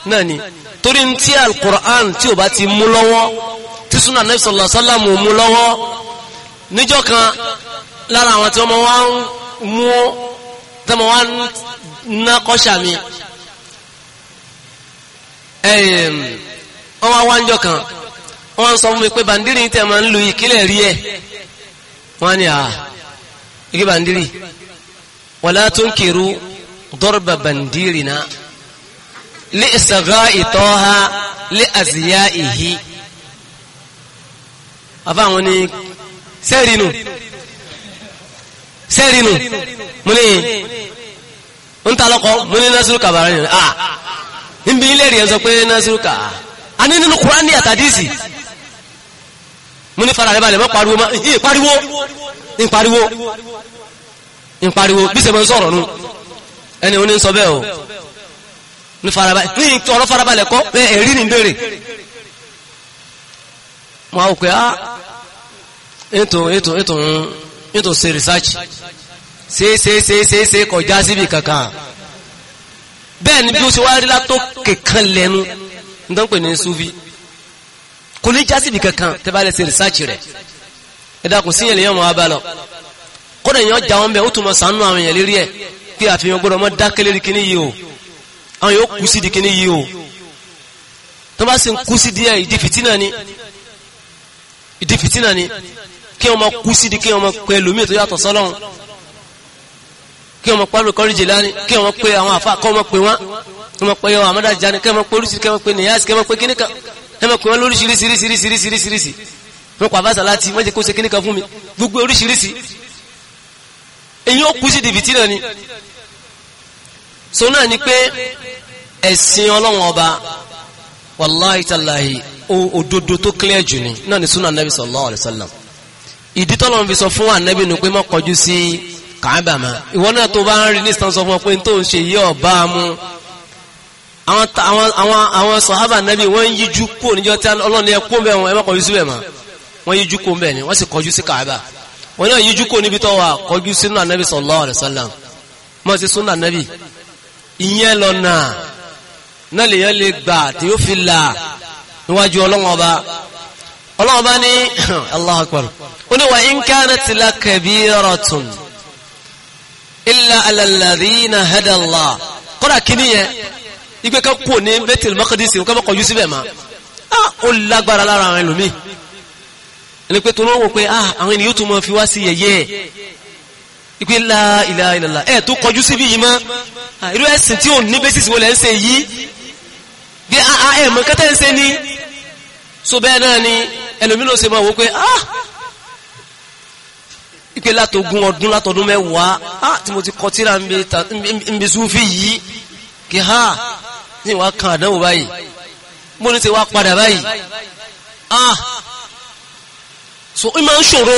náà ni torí tí al tí ò bá ti mú lọ́wọ́ tí súnà Nabi sallallahu alaihi mú lọ́wọ́ níjọ́ kan lára àwọn tí wọ́n wá ń mú tẹ́mọ̀ wá ná kọ́ṣà mi wọ́n wá wá níjọ́ kan wọ́n sọ fún mi pé bàndírì tẹ́ ma ń lu ìkílẹ̀ rí ẹ̀ wọ́n ni àà igi bàndírì wala tunkiru darba bàndírì náà lé ìsàgá ìtọ́ha lé àzìyá ìhí àbáwọn ni sẹ́rìnù sẹ́rìnù mú ní ń ta lọ́kọ́ mú ní násírùkà bàrá yìí à ń a ni nínú kúránì àtàdísì mú ní fara rẹ balẹ̀ mọ́ pariwo ẹni oní sọ bẹ́ẹ̀ o ní farabalẹ̀ ní ọ̀rọ̀ ètò ètò ètò ètò ṣe research ṣe ṣe ṣe ṣe ṣe kọjá síbi kankan bẹ́ẹ̀ ni bí ó ṣe wá rí látó kẹ̀kan lẹ́nu ní tó ń pè ní sufi kò ní já síbi kankan tẹ́ bá lè ṣe research rẹ̀ ẹ̀dá kò sí ènìyàn mọ́ abá lọ kódà èèyàn já wọn bẹ́ẹ̀ ó tún mọ sànú àwọn èèyàn lérí ẹ̀ kí àfihàn gbọ́dọ̀ mọ́ dákẹ́lé rí kíní yìí o àwọn yóò kú sí di kíní yìí o tó bá sì ń kú sí díẹ̀ ìdí fìtínà ni ìdí fìtínà ni kí ọmọ kú sídi kí ọmọ pẹ lómi tó yàtọ̀ sọ́lọ́run kí ọmọ pẹ lókọrí jìlá ni kí ọmọ pẹ àwọn àfa kọ́ ọmọ pẹ wọn kí ọmọ pẹ ọmọ amọ́dá jáni kí ọmọ pẹ oríṣi kí ọmọ pẹ nìyàsí kí ọmọ pẹ kíníkà kí ọmọ pẹ wọn lóríṣiríṣiríṣiríṣiríṣi wọn kọ àbáṣà láti mọ́jẹ kó ṣe kíníkà fún mi gbogbo oríṣiríṣi èyí ó kú sí dìbìtì náà ni so náà ni pé ẹ̀sìn ọlọ́wọ́n ọba wàláhìtàláhì òdodo tó clear jù ni náà ni sunan nabi sallallahu alayhi wa sallam ìdí tọ́lọ́run fi sọ fún ànábì nù pé má kọjú sí kàábà mọ́ ìwọ náà tó bá ń rí ní ìsàn sọ fún ọ pé tó ń ṣe yí ọba mu àwọn àwọn àwọn sọ̀hábà ànábì wọ́n ń yíjú kó níjọ́ tí ọlọ́run ní ẹkú bẹ́ẹ̀ wọn ẹ má kọjú síbẹ̀ mọ́ wọ́n yíjú kó bẹ́ẹ̀ ni wọ́n sì kọjú sí kàábà wọ́n náà yíjú kó níbi tó wà kọjú ní wa in kanat la kabiratun illa ala alladhina hada Allah kọ́dà kíní yẹn igbe ká kò ní Baitul Maqdis nǹkan bá kọjú síbẹ̀ ma ó lágbára lára àwọn ẹlòmíì ẹni pé tó lọ́wọ́ pé àwọn ènìyàn tó mọ fi wá sí yẹyẹ ìpé la ilaha illallah ẹ̀ tó kọjú síbí yìí mọ́ irú ẹ̀sìn tí ò ní bẹ́sìsì wọlé ń yìí bí àà ẹ̀ mọ̀ kẹ́tẹ́ ń ṣe ní so bẹ́ẹ̀ náà ni ẹlòmí ló ṣe máa wó pé ah ike látogún ọdún látọdún mẹ́wàá ah tí mo ti kọ tíra ń bẹ súnfì yìí kí ha ní ìwà kan àdánwò báyìí mo ní ti wá padà báyìí ah so ó máa ń ṣòro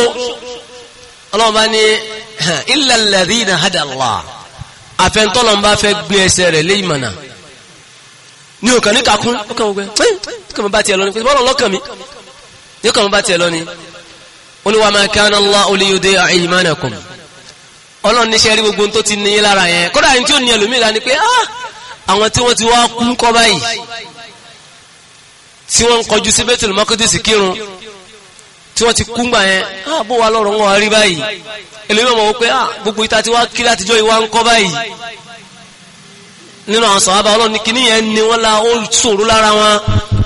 ọlọ́run bá ní illa alladhina hada Allah àfẹ́ntọ́lọ́n bá fẹ́ gbé ẹsẹ̀ rẹ̀ lé ìmọ̀nà ní òkàn ní kakún ọkàn gbogbo ẹ̀ kàn bá tiẹ̀ lọ ni bọ́ọ̀lọ́ lọ́kàn mi ní òkàn bá tiẹ̀ lọ ni olúwa ma kana Allahu li yudi'a imanakum ọlọ́run níṣẹ́ rí gbogbo tó ti níyí lára yẹn kódà yìí tí ó ní ẹlòmíì lá ni pé ah, àwọn tí wọ́n ti wá kú kọ́ báyìí tí wọ́n ń kọjú sí Baitul Maqdis kírun tí wọ́n ti kú gbà yẹn ah, bó wa lọ́rọ̀ wọn rí báyìí ẹlòmíì ọmọ pé ah, gbogbo ìta tí wá kí látijọ́ ìwá ń kọ́ báyìí nínú àwọn sọ̀hábà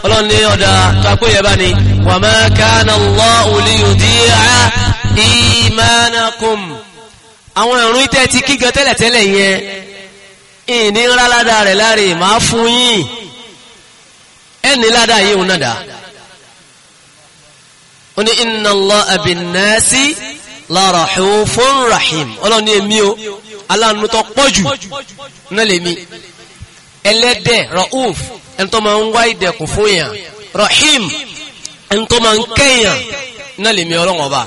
ọlọ́run ní ọ̀dà takóyẹ bá ní wa ma kana Allahu liyudi'a imanakum àwọn ìrún ìtẹ́ ti kígan tẹ́lẹ̀tẹ́lẹ̀ yẹn ìní ráládà rẹ̀ láre máa fún yín ẹni ládà yìí òun nàdà ó ní inna Allaha bin rahim ọlọ́run èmi o aláàánú tó pọ̀jù ẹlẹ́dẹ̀ ra'uf ẹni tó máa ń wá ìdẹ̀kùn fún yàn rahim ẹni tó máa ń kẹ́yàn náà lèmi ọlọ́run ọba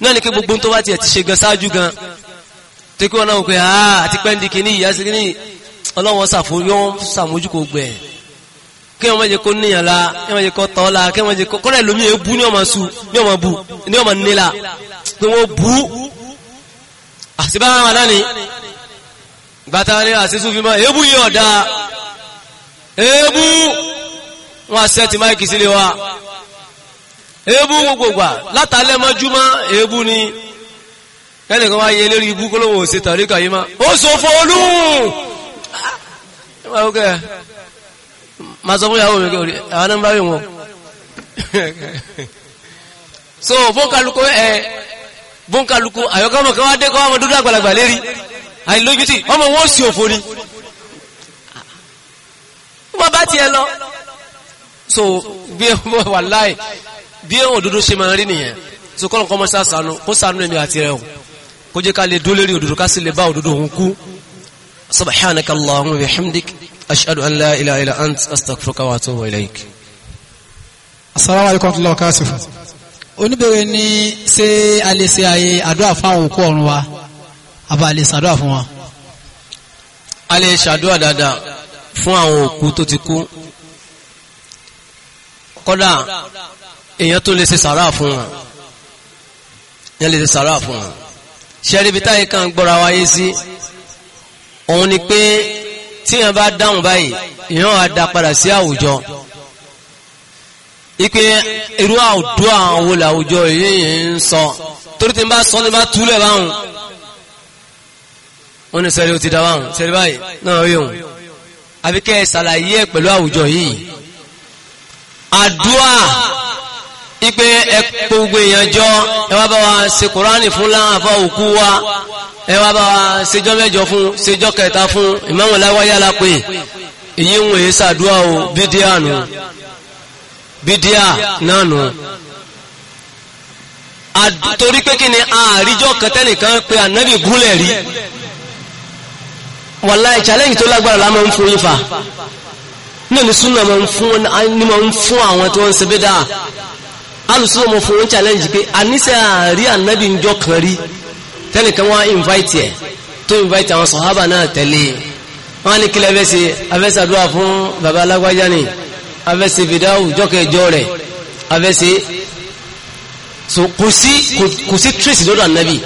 náà ni kí gbogbo tó bá tiẹ̀ ti ṣe gan ṣáájú gan tí kí wọ́n náà pé ah àti pẹ́ndì kìíní ìyá sí kìíní ọlọ́run ṣàfòyọ́ ṣàmójúkò gbẹ̀ kí wọ́n mẹ́jẹ kó níyàn la kí wọ́n mẹ́jẹ kó tọ́ la kí wọ́n mẹ́jẹ ní ọmọ su ní bu ní ọmọ nílà ni bàtà ni àti sùn ebu wọn àṣẹ́tì máìkì sílé wa ebu gbogbogbà látàlẹ́ mọ́júmọ́ ebu ni ẹnìkan wáyé lérí ibú kólówó òsè tàríkà yìí má ó sọ ah! ma sọ fún ìyàwó mi kí àwọn bá rí wọn so ẹ ọmọ wọ́n bá tiẹ̀ lọ. so bí wọ́n wà láì bí ẹ̀wọ̀n òdodo ṣe máa rí nìyẹn so kọ́nà kọ́mọ́ sá sànú kó sànú ẹ̀mí àti rẹ̀ o kó jẹ́ ká lè dó lérí òdodo ká sì lè bá òdodo òun kú. subhanaka allahumma wa bihamdik ashhadu an la ilaha illa ant astaghfiruka wa atubu ilaik. asalaamu alaykum wa rahmatulahi wa barakatuh. oníbèrè ni ṣé a lè ṣe àyè àdúrà fún àwọn òkú ọ̀run wa àbá a lè fún wa. a lè ṣàdúrà dáadáa fún àwọn òkú tó ti kú kọ́dà èèyàn tó lè ṣe sàrà fún wọn èèyàn lè ṣe sàrà fún wọn ṣẹ́ríbi táyé kan gbọ́ra wáyé sí òun ni pé tíyàn bá dáhùn báyìí èèyàn á da padà sí àwùjọ ipe irú àwùjọ àwọn wo làwùjọ yìí ń sọ torí tí n bá sọ ní bá túlẹ̀ báwọn wọn ni sẹ́rí o ti dá báwọn sẹ́rí báyìí náà yóò àbí kẹ́ ẹ ṣàlàyé ẹ̀ pẹ̀lú àwùjọ yìí àdúà ipe ẹ̀pọ̀ gbogbo èèyàn jọ ẹ wá bá wa ṣe kùránì fún láàfà òkú wa ẹ wá bá wa ṣejọ́ mẹ́jọ fún ṣejọ́ kẹta fún ìmáàmù láwáyé alápè èyí ń wòye ṣàdúà o bídíà náà nù torí pé kí ni àríjọ́ kẹtẹ́nìkan pé ànábì gúnlẹ̀ rí wàláhì challenge tó lágbára la máa ń fún yín fa náà ní súnà máa ń fún ní máa ń fún àwọn tí wọ́n ń ṣe bẹ́dà alùsùnà máa fún wọn challenge pé àníṣe àárí ànábì ń jọ kan rí tẹ́nìkan wọ́n invite ẹ̀ tó invite àwọn sọ̀hábà náà tẹ̀lé wọ́n á ní kílẹ̀ fẹ́sẹ̀ afẹ́sàdúrà fún baba alágbájá ni afẹ́sẹ̀ fìdáwù jọ́kẹjọ rẹ̀ afẹ́sẹ̀ kò sí trace lọ́dọ̀ ànábì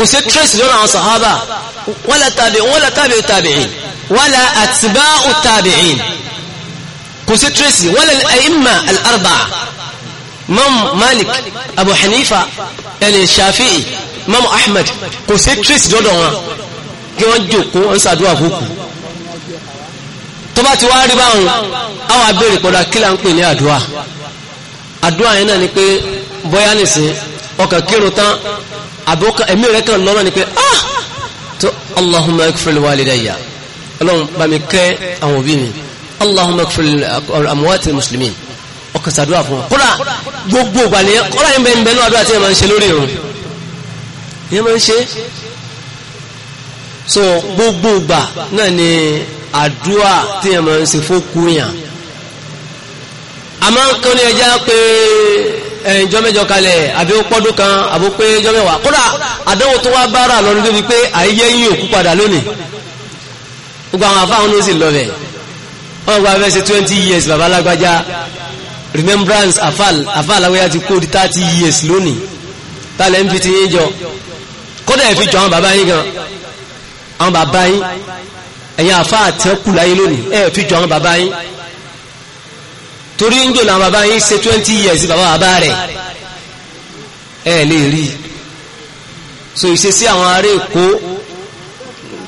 kò sí trace lọ́nà àwọn sàhábà wala tabi'in wala tabi'u tabi'in wala atba'u tabi'in kò sí trace wala al-a'imma al-arba'a imam malik abu hanifa ẹni shafi'i imam ahmed kò sí trace lọ́dọ̀ wọn kí wọ́n jòkó ń sàdúrà fókù tó bá ti wá rí báwọn àwọn abẹ́rẹ̀ pọ̀dà kí ń pè ní àdúrà àdúrà yẹn náà ni pé bọ́yá ọkàn kírun tán àbúkọ ẹ̀mí rẹ̀ kàn lọ́nà ni pé ah tó allahumma ighfir li walidayya ọlọ́run bá mi kẹ́ àwọn òbí mi allahumma ighfir li amwatil muslimin ọkàn sàdúrà fún wa gbogbo ìgbà nìyẹn kódà yẹn bẹ́ẹ̀ ń ṣe so gbogbo ìgbà náà ni àdúrà tí yẹn máa ń ní ẹja pé. Eh, ẹ̀yìn jọ kalẹ̀ àbí ó pọ́dún kan àbó pé jọ mẹ́wàá àdánwò tó wá bára lọ́dún débi pé àyíyẹ́ yín òkú padà lónìí gbogbo àwọn afáwọn ló sì lọ bẹ̀ wọ́n ṣe twenty years bàbá alágbájá remembrance afal afal awẹ́yà ti kó di thirty years lónìí tálẹ̀ ń fi ti yín jọ kódà ẹ̀ fi jọ àwọn bàbá yín gan àwọn bàbá yín ẹ̀yin afá àtẹ́kù láyé lónìí ẹ̀ fi jọ àwọn bàbá yín torí ń jò làwọn bàbá yín ṣe twenty years bàbá bàbá rẹ̀ ẹ lè rí so ìṣesí àwọn ará èkó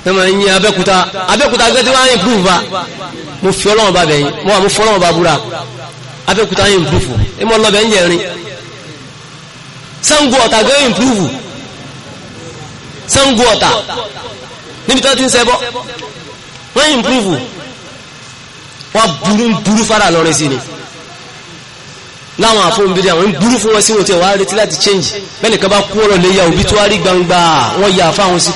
wọ́n máa ń yin abẹ́kúta abẹ́kúta gẹ́gẹ́ tí wọ́n á yìn proof ba mo fi ọlọ́wọ́n ba bẹ̀yìn mo wà mo fọlọ́wọ́n ba búra abẹ́kúta yìn proof ẹ mọ lọ́bẹ̀ ń yẹrin Ṣàngó Ọ̀tà gẹ́gẹ́ yìn proof Ṣàngó Ọ̀tà níbi tí wọ́n ti ń sẹ́bọ́ wọ́n yìn proof wọ́n burú burú fara lọ́rin sí ni láwọn àfóhùnbídé àwọn ń burú fún wọn sí wọn tí wà á retí láti change bẹ́ẹ̀ nìkan bá kú ọ̀rọ̀ lè ya òbí tó wá rí gbangba wọ́n ya fáwọn sí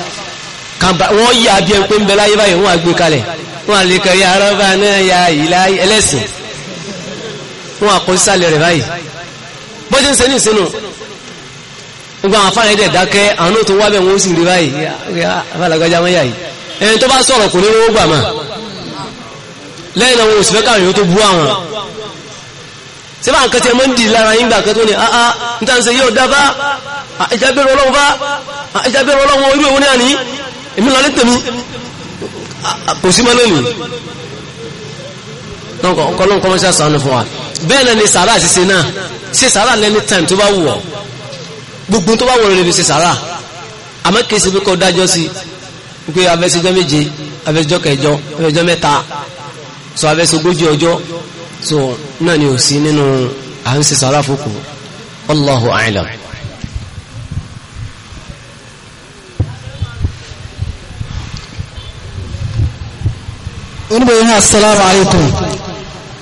wọ́n ya bí ẹn pé ń bẹ láyé báyìí wọ́n àgbé kalẹ̀ wọ́n àlè kan ya rọ́bà náà ya ìlà ẹlẹ́sìn wọ́n àkọ́ sísàlẹ̀ rẹ̀ báyìí bó ti ń sẹ́ni ìsinú gbogbo àwọn afárá ẹ̀dẹ̀ dákẹ́ àwọn náà tó wá bẹ̀ wọ́n sì rí báyìí afálágbájá wọ́n yà yìí ẹni tó bá sọ̀rọ̀ kò ní rówó gbà mà lẹ́yìn àwọn òṣìfẹ́ káàrin tó bú àwọn síbà nǹkan tí ẹ mọ́ ń dì lára yín gbà kan tó ní àá níta ń ṣe yóò dá bá ìjábẹ̀rẹ̀ ọlọ́run bá ìjábẹ̀rẹ̀ ọlọ́run orí òun ní àní èmi lọ ní tèmi kò sí mọ́ lónìí ọkọ̀lọ́n kọmọ́ṣà sànú fún wa bẹ́ẹ̀ náà ni sàárà ṣíṣe náà ṣe sàárà lẹ́ni time tó bá wù ọ́ gbogbo tó bá wù ọ́ lè fi ṣe sàárà àmọ́ kìí ṣe bí kò dájọ́ sí pé abẹ́sẹ̀jọ́ méje abẹ́sẹ̀jọ́ kẹjọ abẹ́sẹ̀jọ́ mẹ́ta sọ abẹ́sẹ̀ ogójì ọjọ́ so náà ni ò sí nínú à ń sisa aláfokù Allahu a'lam. oníbẹ̀rẹ̀ náà assalamu alaikum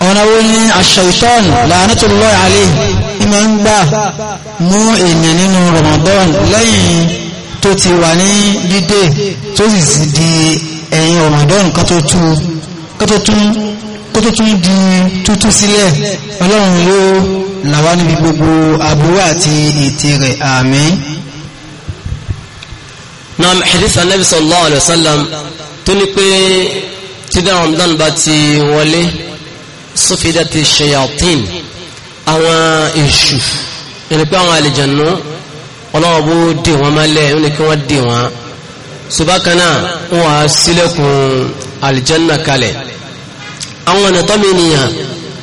ọ̀nà wo ni ash-shaytan la'natullahi alayhi ìmọ̀ ń gbà mú èmì nínú Ramadan lẹ́yìn tó ti wà ní dídé tó sì di ẹ̀yìn Ramadan kan tún kó tó tún di tútú sílẹ̀ ọlọ́run yóò làwá níbi gbogbo àbúrò àti ètè rẹ̀ àmín. naam hadith anabi sallallahu alayhi wa sallam tó ní pé tídá ramadan bá ti wọlé sófìdá ti ṣayatin àwọn èṣù ẹni pé àwọn àlejànú ọlọ́wọ́ bó dè wọ́n mọ́lẹ̀ ó ní kí wọ́n dè wọ́n subakana wọn á ṣílẹ̀kùn aljanna kalẹ̀ àwọn ọ̀nà tọ́mi ènìyàn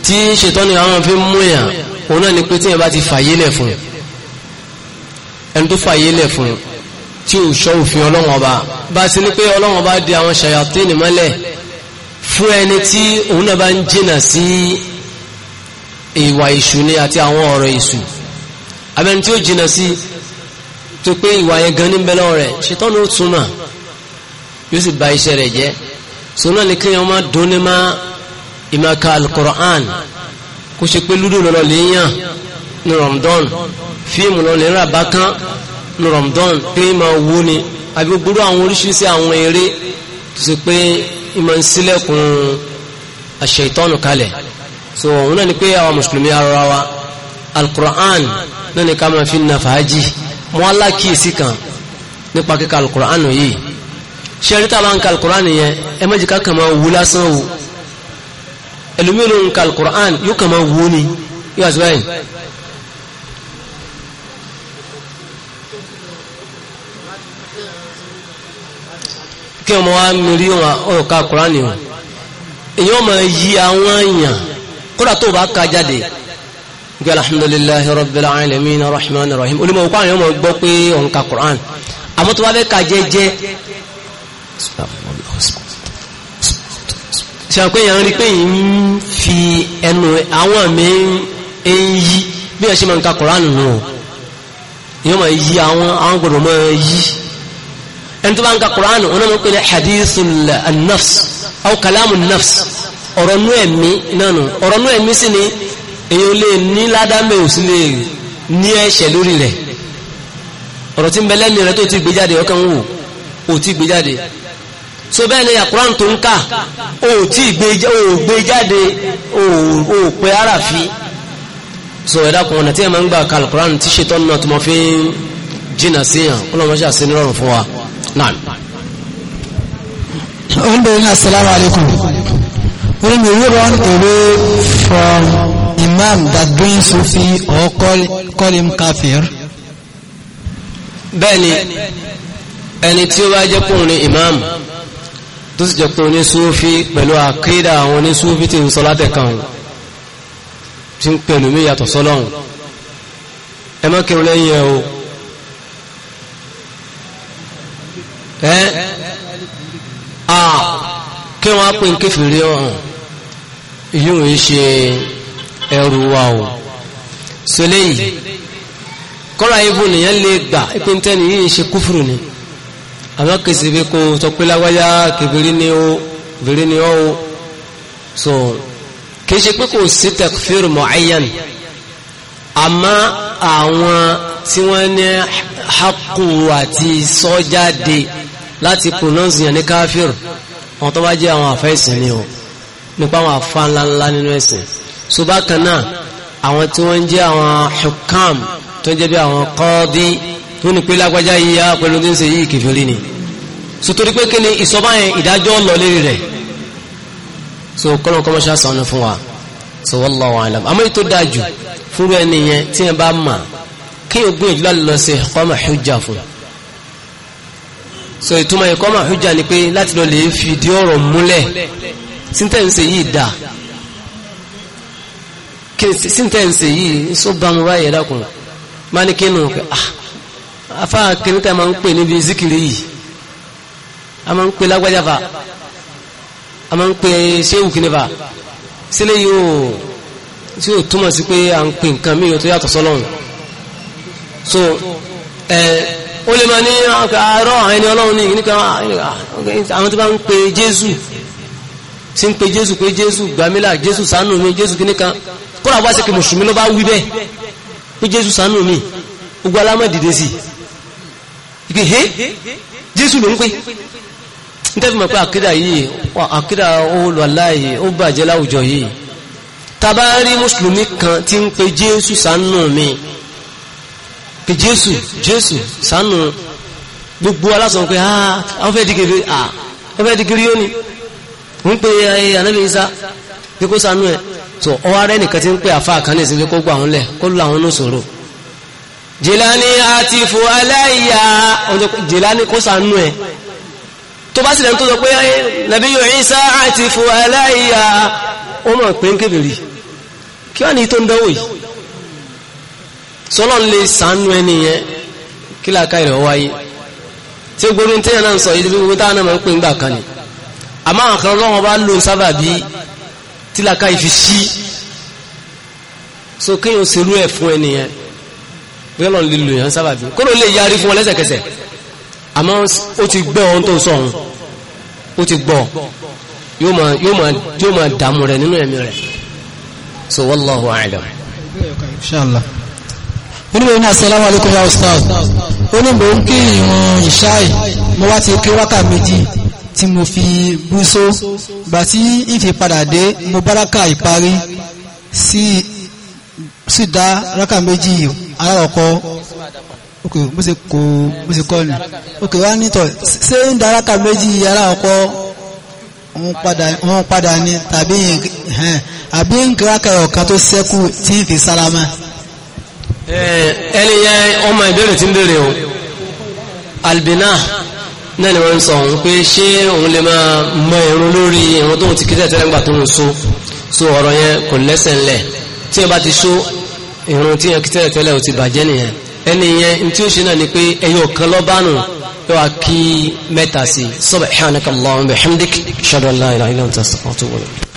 tí ṣètọ́ni àwọn fi mú èèyàn òun náà ni pé tí èèyàn bá ti fàyè fún ẹni tó fàyè fún tí ò ṣọ́ òfin ọlọ́wọ́n ọba bá ti ní pé ọlọ́wọ́n ọba di àwọn ṣàyàtínì mọ́lẹ̀ fún ẹni tí òun náà bá ń jìnà sí ìwà èṣù ni àti àwọn ọ̀rọ̀ èṣù abẹni tí ó jìnà sí tó pé ìwà yẹn gan níbẹ̀ lọ́wọ́ rẹ̀ ṣètọ́ni ó túmọ̀ yóò sì bà iṣẹ́ rẹ̀ jẹ́ sọ náà ni kéèyàn má dún ní má ìmọ̀ọ́ka alukur'an kó ṣe pé lúdò lọ́lọ́ lèèyàn ní rọ̀mdọ́n fíìmù lọ lè rà bá kán ní rọ̀mdọ́n pé máa wó ni àbí gbúrú àwọn oríṣiríṣi àwọn eré tó ṣe pé ìmọ̀ ń àṣẹ ìtọ́nù kalẹ̀ so òun náà ni pé àwọn mùsùlùmí ara wa alukur'an náà ni ká máa fi na fàájì mọ́ alákìísí kan nípa kíka alukur'an yìí ṣe rí tá a bá ń ka alukur'an yẹn ẹ má jẹ́ ká kàn máa wú lásán wò ẹlòmíì ló ń ka alukur'an yóò kàn máa wó ni yóò àti báyìí. kí ọmọ wa mìírí wọn ọ̀rọ̀ ka alukur'an yìí èyàn máa yí àwọn èèyàn kódà tó bá ka jáde gbé alhamdulilayi rabbil alamin rahman rahim olùmọ̀ òkú àwọn ọmọ gbọ́ pé òun ka alukur'an àmọ́ tó bá fẹ́ ka jẹ́jẹ́ ṣàpé yàn rí pé yìí ń fi ẹnu àwọn mi ń yí bí ẹ ṣe máa ń ka Kùránì nù o yóò máa yí àwọn àwọn gbọdọ̀ yí ẹni tó bá ń ka Kùránì wọn náà pè ní hadithul nafs au kalamun nafs ọ̀rọ̀ nú ẹ̀mí náà nù ọ̀rọ̀ nú ẹ̀mí sì ni èyí ò lè ní ládàmé ò sì lè ní ẹ̀ṣẹ̀ lórí rẹ̀ ọ̀rọ̀ tí ń bẹ lẹ́nu rẹ̀ tó ti gbé jáde ọkàn wò ò ti gbé jáde so bẹ́ẹ̀ ni àkùrán tó ń kà ó tí gbé jáde ó pé ara fi so ẹ̀dàkùn ọ̀nà tí ẹ máa ń gbà ka tí ṣe tọ́nà tó mọ́ fi ń jìnà sí yàn ọlọ́mọṣẹ́ àti nírọ̀rùn fún wa náà. ó bẹ̀rẹ̀ ní asalaamu alaykum wọ́n mi we run away from imam that bring sufi or call, call him kafir. bẹ́ẹ̀ ni ẹni tí ó bá jẹ́ kóun ni imam tó sì jẹ́ pé onísúfí pẹ̀lú àkídà àwọn onísúfí tí ń sọ látẹ̀kan tí ń pẹ̀lú mí yàtọ̀ sọ́lọ́hun ẹ má kírun lẹ́yìn ẹ̀ o ẹ́ à kí wọ́n á pè ń kéfìrí ọ̀hún yóò ń ṣe ẹrù wa o sọlẹ́yìn kọ́ra ibù nìyẹn lè gbà ìpíntẹ́ni yìí ń ṣe kúfùrù ni àmọ́ kìsì bí kò sọ pé lágbájá kìbìrì ni ó o so kì í ṣe pé kò sí takfir mu'ayyan àmọ́ àwọn tí wọ́n ní haqqu àti sọ́jáde láti pronounce yẹn ní káfíìr àwọn tó bá jẹ́ àwọn àfẹ́sìn ni o nípa àwọn àfa ńláńlá nínú ẹ̀sìn so bákan náà àwọn tí wọ́n ń jẹ́ àwọn hukam tó ń jẹ́ bí àwọn qadi tó ní pé lágbájá yìí á ah, pẹ̀lú ní ṣe yìí kìfìrí ni sotori pé ni ìsọba yẹn ìdájọ́ lọ lérí rẹ̀ so kọ́lọ́n kọ́mọ́ ṣáà sànù fún wa so wallahu alam àmọ́ ètò dájú fúru ẹni yẹn tí yẹn bá mà kí yẹn gbìyànjú láti lọ sí kọ́mà hujja fún so ìtumọ̀ yẹn kọ́mà hujja ni pé láti lọ lè fìdí ọ̀rọ̀ múlẹ̀ síntẹ́ǹsì yìí dà síntẹ́ǹsì yìí sọ bá mi wáyé e dákun máa ah afá kìnnìkan máa ń pè níbi zikiri yìí a máa ń pè lágbájá fa a máa ń pè ṣéwù kí ni fa sílẹ̀ yóò tí yóò túmọ̀ sí pé à ń pè nǹkan mí tó yàtọ̀ sọ́lọ́run so ẹ ó lè máa ni ah, ah, àárọ̀ àwọn ẹni ọlọ́run ní ìgbìnkan ah, àwọn tó bá ń pè jésù tí ń pè jésù pé jésù gbàmílà jésù ṣàánú mi jésù kìnnìkan kóra wá sí pé mùsùlùmí ló wí bẹ́ẹ̀ pé jésù ṣàánú mi gbogbo alámọ̀ dìde sí i ìpè hé jésù ló ń pè nítorí mọ̀ pé àkídà yìí àkídà olùwàláyè ó bàjẹ́ láwùjọ yìí tabaari mùsùlùmí kan tí ń pe jésù ṣàánú mi pé jésù jésù ṣàánú gbogbo alásàn pé ah, àwọn fẹ́ dìgírí à wọ́n fẹ́ dìgírí yóò ní ń pe eh, ànábì Ìsá pé kó ṣàánú ẹ̀ tó ọwọ́ arẹ́ nìkan tí ń pe àfa kan ní kó gbà lẹ̀ kó lu àwọn oníṣòro jìlá ni àti fò aláìyá jìlá ni kó ṣàánú ẹ̀ tó bá sì lẹ́nu tó sọ pé nàbí yóò rí sáà ti fò aláìyá ó mọ̀ pé ń kébèrè kí wọ́n ní tó ń dánwò yìí sọ́lọ́ lè sànú ẹni yẹn kí làákà ìrẹ̀ wáyé tí ó gbórí tíyẹ̀ náà sọ yìí gbogbo táwọn náà máa ń gbà kan ni àmọ́ àwọn kan lọ́wọ́ bá lò sábà bí tí làákà ìfi sí so kéèyàn ṣerú ẹ̀ fún ẹni yẹn bí ọlọ́run lè lò yẹn sábà bí kó ló àmọ́ ó ti gbọ́ ohun tó sọ ohun ó ti gbọ́ yóò máa yóò rẹ̀ nínú ẹ̀mí rẹ̀ so wallahu a'lam. inshallah onímọ̀ iná assalamu alaikum ya ustaz onímọ̀ ń kí ìrun ìṣáì mo wá ti kí wákà méjì tí mo fi bú só gbà tí ìfi dé mo báraka ìparí sí dá rákà méjì alákọ̀ọ́kọ́ ok bó ṣe kó bó ṣe kọ́ ni ok wá nítọ̀ ṣé ń daraka méjì yàrá ọkọ wọn padà ní tàbí àbí ń kíráka ọ̀kan tó ṣẹ́kù tí ń fi sálámà. ẹni yẹn ọmọ ìbéèrè tí ń béèrè o albina náà ni wọ́n ń sọ òun pé ṣé òun lè máa mọ irun lórí irun tóun ti kíkẹ́ tẹ́lẹ̀ ńgbà tó ń so so ọ̀rọ̀ yẹn kò lẹ́sẹ̀ ńlẹ̀ tí wọ́n bá ti so irun tí wọ́n kíkẹ́ tẹ́lẹ̀ ò ti bàjẹ́ nìyẹn ẹni yẹn tí ó ṣe náà ni pé ẹyọ kan lọ́bánu yóò wá kí mẹ́ta sí subhanakallahumma bihamdik shadu allah ilaha illa anta astaghfiruka